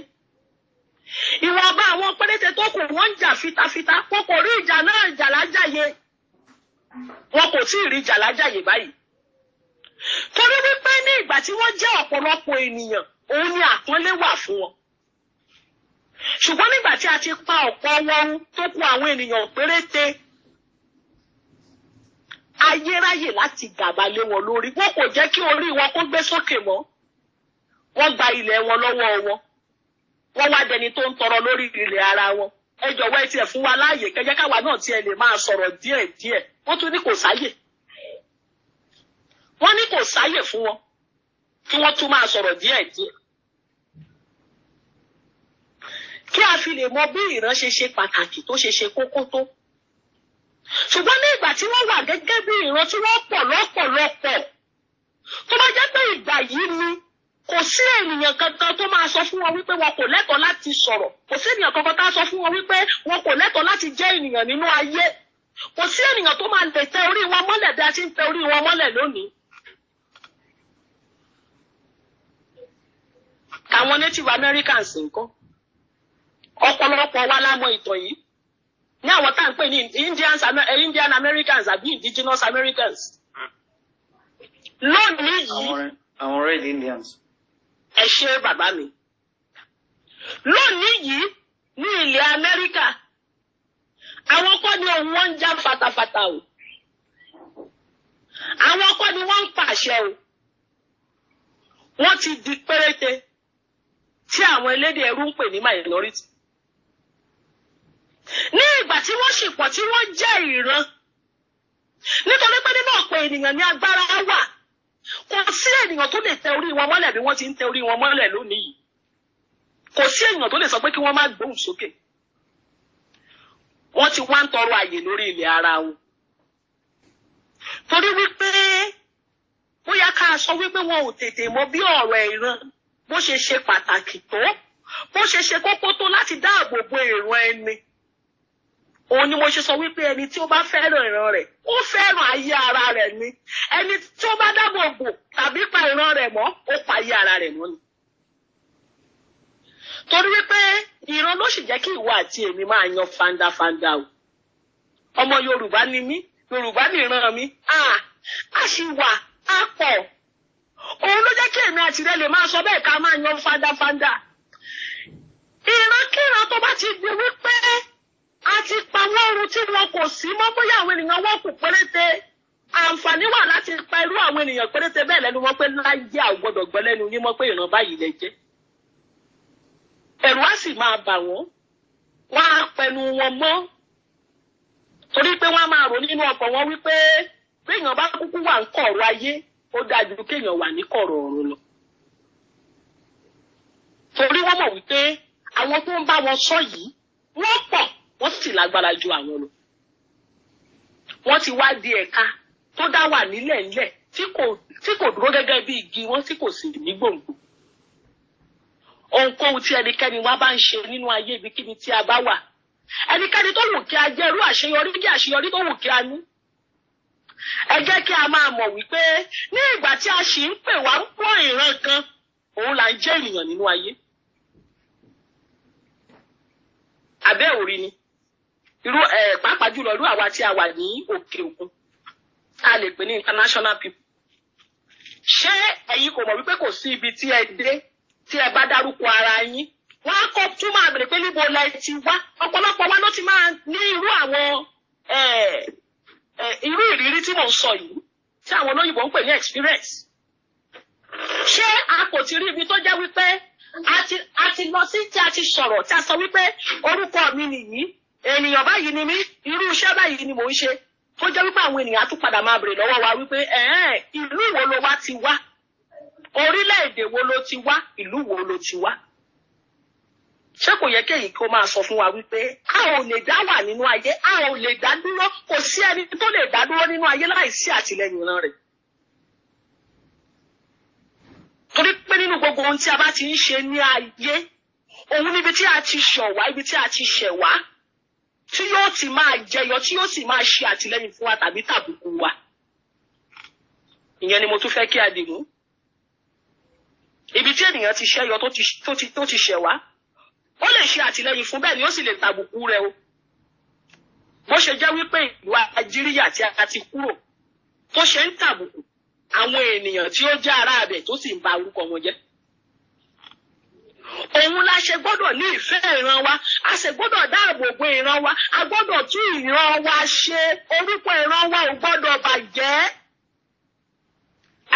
Speaker 1: ìwọ̀nba àwọn péréte tó kù wọn ń jà fitafita kókò rí ìjà náà jà lájàyè. wọn kò tí ì rí jàlájàyè báyìí torí wípé ní ìgbà tí wọ́n jẹ́ ọ̀pọ̀lọpọ̀ ènìyàn òun ni àpọ́nlé wà fún wọn ṣùgbọ́n nígbà tí a ti pa ọ̀pọ̀ wọn tó kù àwọn ènìyàn péréte ayérayè láti gàba lé wọn lórí wọn kò jẹ́ kí orí wọn kó gbé sókè mọ́ wọ́n gba ilẹ̀ wọn lọ́wọ́ wọn wọ́n wá dẹni tó ń tọrọ lórí ilẹ̀ ara wọn ẹ jọ̀wọ́ ẹ tiẹ̀ fún wa láàyè kẹjẹ káwa náà tiẹ̀ lè máa sọ̀rọ̀ díẹ̀ díẹ̀ wọ́n tún ní kò sáyè wọ́n ní kò sáyè fún wọn kí wọ́n tún máa sọ̀rọ̀ díẹ̀ díẹ̀ kí a fi lè mọ bí ìran ṣe ṣe pàtàkì tó ṣe ṣe kókó tó ṣùgbọ́n ní ìgbà tí wọ́n wà gẹ́gẹ́ bí ìran wọ́n pọ̀ lọ́pọ̀lọpọ̀ tó bá jẹ́ pé ìgbà yìí ni kò sí ènìyàn kankan tó máa sọ fún wọn wípé wọn kò lẹ́tọ̀ọ́ láti sọ̀rọ̀ kò sí ènìyàn kankan tá a sọ fún wọn wípé wọn kò lẹ́tọ̀ọ́ láti jẹ́ ènìyàn nínú ayé kò sí ènìyàn tó máa lè tẹ orí wọn mọ́lẹ̀ bí a ti ń tẹ orí wọn mọ́lẹ̀ lónìí. àwọn native americans nǹkan ọ̀pọ̀lọpọ̀ wa la ìtàn yìí ní àwọn tá à ń pè ní indians eh, indian americans àbí indigenous americans hmm. lónìí yìí. àwọn red indians ẹ ṣe bàbá mi lónìí yìí ní ilẹ̀ Amẹ́ríkà àwọn kọ́ ni òun wọ́n ń já fatafata o àwọn kọ́ ni wọ́n ń pàṣẹ o wọ́n ti di péréte tí àwọn elédè ẹrú ń pè ní minority ní ìgbà tí wọ́n ṣìpọ̀ tí wọ́n jẹ́ ìran nítorí pé nínú ọ̀pọ̀ ènìyàn ní agbára wà kò sí ènìyàn tó lè tẹ orí wọn mọ́lẹ̀ bí wọ́n ti ń tẹ orí wọn mọ́lẹ̀ lónìí yìí kò sí èèyàn tó lè sọ pé kí wọ́n má gbóhùn sókè wọ́n ti wá ń tọrọ àyè lórí ilẹ̀ ara wọn torí wípé bóyá ká sọ wípé wọn ò tètè mọ bí ọ̀rọ̀ ìran bó ṣe ṣe pàtàkì tó bó ṣe ṣe kókó tó láti dáàbò bo ìran ẹni òun ni mo ṣe sọ wípé ẹni tí ó bá fẹ́ràn ìran rẹ̀ ó fẹ́ràn ayé ara rẹ̀ ni ẹni tí ó bá dáàbò bò tàbí pa ìran rẹ̀ mọ́ ó pa ayé ara rẹ̀ mọ́ ni. torí wípé ìran ló sì jẹ́ kí ìwọ àti èmi máa yan fandafanda o ọmọ Yorùbá ni mí Yorùbá ni ìran mi a sì wà a pọ̀ òun ló jẹ́ kí èmi àti rẹ̀ lè máa sọ bẹ́ẹ̀ ká máa yan fandafanda ìran kíran tó bá ti di wípé. a ti pa wọ́run tí wọn kò sí mọ́ bóyá àwọn ènìyàn wọ́n kù péréte àǹfààní wà láti pa irú àwọn ènìyàn péréte bẹ́ẹ̀ lẹ́nu wọn pé láyé àgbọ̀dọ̀ gbọ́ lẹ́nu yín mọ́ pé ìran báyìí lẹ jẹ́ ẹ̀rù á sì máa bà wọ́n wọ́n á pẹnu wọn mọ́ torí pé wọ́n á máa rò nínú ọkọ̀ wọn wípé péèyàn bá kúkú wà ń kọ̀rọ̀ ayé ó dáa ju kéèyàn wà ní kọ̀rọ̀ ọ̀run lọ torí wọ́n mọ̀ wípé àwọn tó ń bá wọn sọ yìí wọ́n pọ̀ wọ́n sì lágbára ju àwọn lọ. wọ́n ti wá di ẹ̀ka tó dá wà nílẹ̀ nílẹ̀ tí kò tí kò dúró gẹ́gẹ́ bí igi wọ́n tí kò sì ní gbòǹgbò. ohunkóhun tí ẹnikẹ́ni wá bá ń ṣe nínú ayé ibikíbi tí a bá wà ẹnikẹ́ni tó wù kí a jẹ́ irú àṣeyọrí kí àṣeyọrí tó wù kí a ní. ẹ jẹ́ kí a máa mọ̀ wípé ní ìgbà tí a sì ń pè wá ń pọ̀ ìran kan òun là ń jẹ́ ènìyàn nínú ayé. àbẹ́ òrí ni irú ẹ pàápàá jùlọ irú àwa tí a wà ní òkè òkun tá a lè pè ní international people ṣé ẹ̀yin kò mọ̀ wípé kò sí ibi tí ẹ dé tí ẹ bá dárúkọ ara yín wọ́n á kọ́ tún máa bèrè pé níbo la ti wá ọ̀pọ̀lọpọ̀ wa ló ti máa ní irú àwọn irú ìrírí tí mò ń sọ yìí tí àwọn olóyìnbó ń pè ní experience ṣé a kò ti rí ibi tó jẹ́ wípé a ti lọ sí tí a ti sọ̀rọ̀ tí a sọ wípé orúkọ mi nìyí ènìyàn báyìí ni mí irú iṣẹ́ báyìí ni mò ń ṣe tó jẹ́ wípé àwọn ènìyàn á tún padà máa bèrè lọ́wọ́ wa wípé ìlú wo lo wá ti wá orílẹ̀-èdè wo lo ti wá ìlú wo lo ti wá ṣé kò yẹ kéyìí kó máa sọ fún wa wípé a ò lè dá wà nínú ayé a ò lè dá dúró kò sí ẹni tó lè dá dúró nínú ayé láìsí àtìlẹyìn ìran rẹ̀ torí pé nínú gbogbo ohun tí a bá ti ń ṣe ní ayé òun níbi tí a ti ṣọ̀wá ibi tí a ti ṣẹ̀wá tí yóò ti máa jẹyọ tí yóò sì máa ṣe àtìlẹ́yìn fún wa tàbí tàbùkù wa ìyẹn ni mo tún fẹ́ kí a dì mú ibi tí ènìyàn ti ṣẹyọ tó ti ṣẹ̀ wá ó lè ṣe àtìlẹ́yìn fún bẹ́ẹ̀ ni ó sì lè tàbùkù rẹ̀ o bó ṣe jẹ́ wípé ìwà nàìjíríà tí a ti kúrò tó ṣe ń tàbùkù àwọn ènìyàn tí ó jẹ́ ará tó sì ń ba orúkọ wọn jẹ́ òun la ṣe gbọ́dọ̀ ní ìfẹ́ ìran wa a ṣe gbọ́dọ̀ dáàbò bo ìran wa a gbọ́dọ̀ tún ìran wa ṣe orúkọ ìran wa ò gbọ́dọ̀ bàjẹ́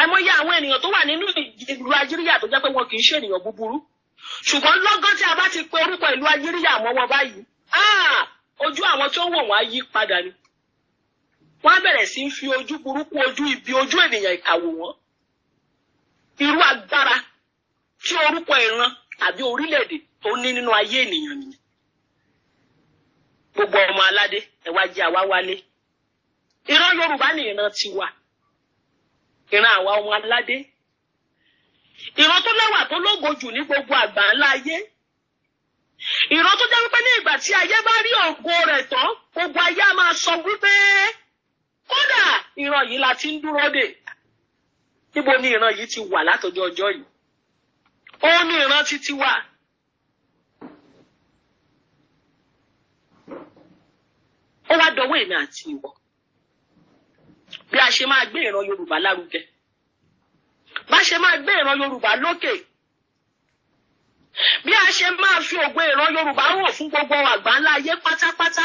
Speaker 1: àìmọye àwọn ènìyàn tó wà nínú ìlú Nàìjíríà tó jẹ́ pé wọn kì í ṣe ènìyàn búburú ṣùgbọ́n lọ́gán tí a bá ti pe orúkọ ìlú Nàìjíríà mọ́ wọn báyìí ah, ojú àwọn tó wò wọ́n á yí padà ni wọ́n á bẹ̀rẹ̀ sí í fi ojú burúkú ojú ibi ojú ènìyàn ìkàwò wọn irú agbára tí orúkọ ìran àbí orílẹ̀-èdè tó ní nínú ayé ènìyàn nìyẹn gbogbo ọmọ aládé ẹ wá jẹ́ àwa wálé ìran yorùbá ni ìran wà. ìran àwa ọmọ aládé ìran tó lẹ́wà tó lógo ní gbogbo àgbà ńlá ayé ìran tó jẹ́ wípé ní ìgbà tí ayé bá rí ògo rẹ̀ tán gbogbo ayé a máa sọ wípé kódà ìran yìí la ti ń dúró dè níbo ni ìran yìí ti wà látọjọ́ ọjọ yìí ó ni ìrántí ti wà. ó wá dọwọ́ èmi àti ìwọ bí a ṣe máa gbé ìran Yorùbá lárugẹ bá ṣe máa gbé ìran Yorùbá lókè bí a ṣe máa fi ògbé ìran Yorùbá hàn fún gbogbo àgbà ńlá ayé pátápátá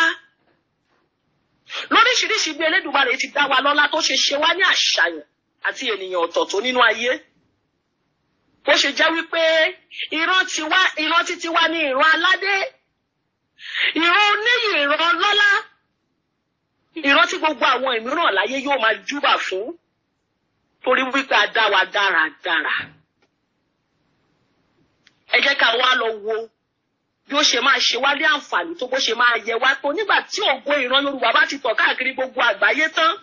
Speaker 1: lóríṣiríṣi bí Elédùmarè ti dá wa lọ́lá tó ṣe ṣe wá ní àṣàyàn àti ènìyàn ọ̀tọ̀tọ̀ nínú ayé bó ṣe jẹ́ wípé ìran tiwa ìran títí wa ni ìran aládé ìran oníyì ìran ọlọ́lá ìran tí gbogbo àwọn ìmíràn láyé yóò máa júbà fún torí wípé a dá wa dáradára ẹ jẹ́ ká wá lọ wo bí ó ṣe máa ṣe wá ní àǹfààní tó bó ṣe máa yẹ wá tó nígbà tí ògo ìran Yorùbá bá ti tọ̀ káàkiri gbogbo àgbáyé tán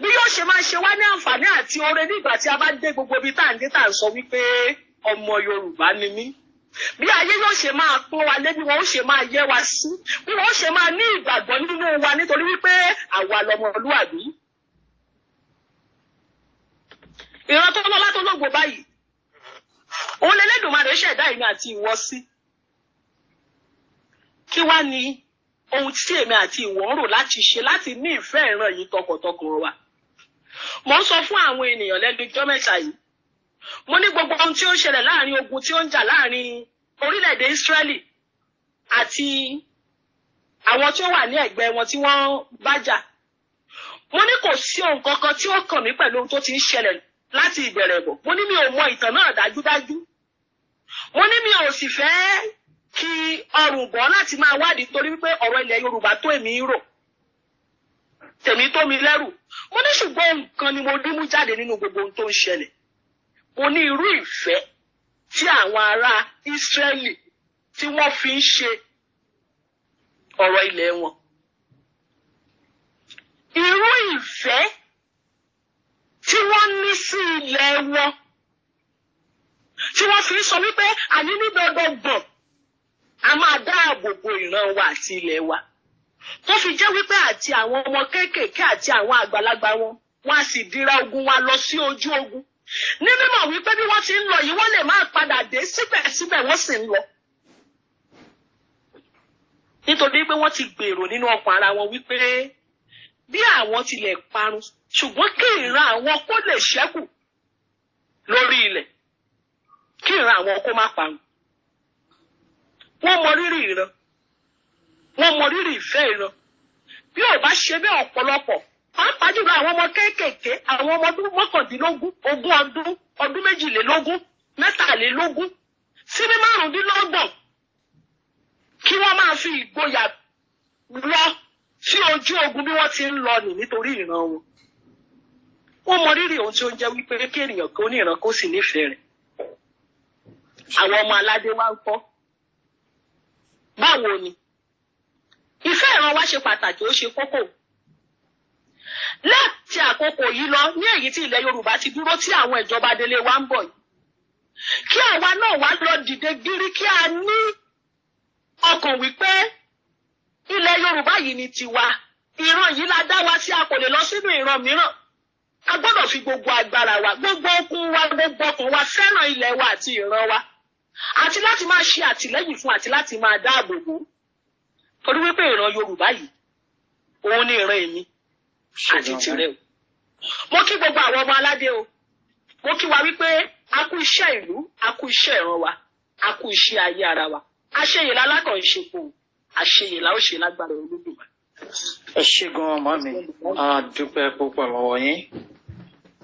Speaker 1: bí yóò ṣe máa ṣe wá ní àǹfààní àti oore nígbà tí a bá dé gbogbo ibi tá à ń dé tá à ń sọ wípé ọmọ Yorùbá ni mí bí ayé yóò ṣe máa pọ́n wa lé bí wọ́n ṣe máa yẹ́ wa sí bí wọ́n ṣe máa ní ìgbàgbọ́ nínú wa nítorí wípé àwa lọmọlúwàbí. ìran tó lọ́lá tó lógo báyìí òun lélẹ́dùnmarè ṣẹ̀dá ìmí àti ìwọ kí wá ni ohun tí èmi àti ìwọ ń rò láti ṣe láti ní ìfẹ́ ìran yìí tọkàntọkàn wa mo ń sọ fún àwọn ènìyàn lẹ́nu ijọ́ mẹ́ta yìí mo ní gbogbo ohun tí ó ń ṣẹlẹ̀ láàrin ogun tí ó ń jà láàrin orílẹ̀-èdè Ísírẹ́lì àti àwọn tó wà ní ẹ̀gbẹ́ wọn tí wọ́n bá jà mo ní kò sí ohun kankan tí ó kàn mí pẹ̀lú ohun tó ti ń ṣẹlẹ̀ láti ìbẹ̀rẹ̀ bọ̀ mo ní mi ò mọ ìtàn náà dájúdájú mo ní mi ò sì fẹ́ kí ọrùn bọ̀ láti máa wádìí torí wípé ọ̀rọ̀ ilẹ̀ Yorùbá tó èmi ń rò tèmi tó mi lẹ́rù mo ní ṣùgbọ́n nǹkan ni mo rí mú jáde nínú gbogbo ohun tó ń ṣẹlẹ̀ mo ní irú ìfẹ́ tí àwọn ará Ísírẹ́lì tí wọ́n fi ń ṣe ọ̀rọ̀ ilẹ̀ wọn irú ìfẹ́ tí wọ́n ní sí ilẹ̀ wọn tí wọ́n fi ń sọ wípé àní ní dandan a máa dáàbò bo ìran wa àti ilẹ̀ wa tó fi jẹ́ wípé àti àwọn ọmọ kéékèèké àti àwọn àgbàlagbà wọn wọn a sì dira ogun wa lọ sí ojú ogun ní mímọ̀ wípé bí wọ́n ti ń lọ yìí wọ́n lè máa padà dé síbẹ̀síbẹ̀ wọ́n sì ń lọ nítorí pé wọ́n ti gbèrò nínú ọkàn ara wọn wípé bí àwọn tilẹ̀ parun ṣùgbọ́n kí ìran àwọn kó lè ṣẹ́kù lórí ilẹ̀ kí ìran àwọn kó má parun wọ́n mọ rírì ìran wọ́n mọ rírì ìfẹ́ ìran bí ò bá ṣe bẹ́ẹ̀ ọ̀pọ̀lọpọ̀ pàápàá jùlọ àwọn ọmọ kéékèèké àwọn ọmọ ọdún mọ́kàndínlógún ogún ọdún ọdún méjìlélógún mẹ́tàlélógún sí ní márùndínlọ́gbọ̀n kí wọ́n máa fi ìgboyà lọ sí ojú ogun bí wọ́n ti ń lọ nì nítorí ìran wọn. wọ́n mọ rírì ohun tí ó ń jẹ́ wípé kí ènìyàn kó ní ìran kó sì nífẹ̀ẹ́ rẹ̀. àwọn ọmọ aládé wá ń kọ́ báwo ni ìfẹ́ ìran wa ṣe pàtàkì ó ṣe kókó láti àkókò yìí lọ ní èyí tí ilẹ̀ Yorùbá ti dúró tí àwọn ìjọba délé wa ń bọ̀ yìí kí àwa náà wá lọ dìde gírí kí a ní ọkàn wípé ilẹ̀ Yorùbá yìí ni tiwa ìran yìí la dá wa sí a kò lè lọ sínú ìran mìíràn a gbọ́dọ̀ fi gbogbo agbára wa gbogbo okun wa gbogbo ọkàn wa fẹ́ràn ilẹ̀ wa àti ìran wa àti láti máa ṣe àtìlẹ́yìn fún àti láti máa dáàbò bò torí wípé ìran Yorùbá yìí òun ni ìran èmi àti tìrẹ o mo kí gbogbo àwọn ọmọ aládé o mo kí wa wípé a kú iṣẹ́ ìlú a kú iṣẹ́ ìran wa a kú iṣẹ́ ayé ara wa àṣeyè la lákàn ṣe kù àṣeyè la ó ṣe lágbára olódùmá. ẹ ṣé gan-an màmí a dúpẹ́ púpọ̀ lọ́wọ́ yín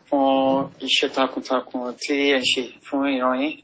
Speaker 1: fún iṣẹ́ takuntakun tí ẹ ṣe fún ìran yín.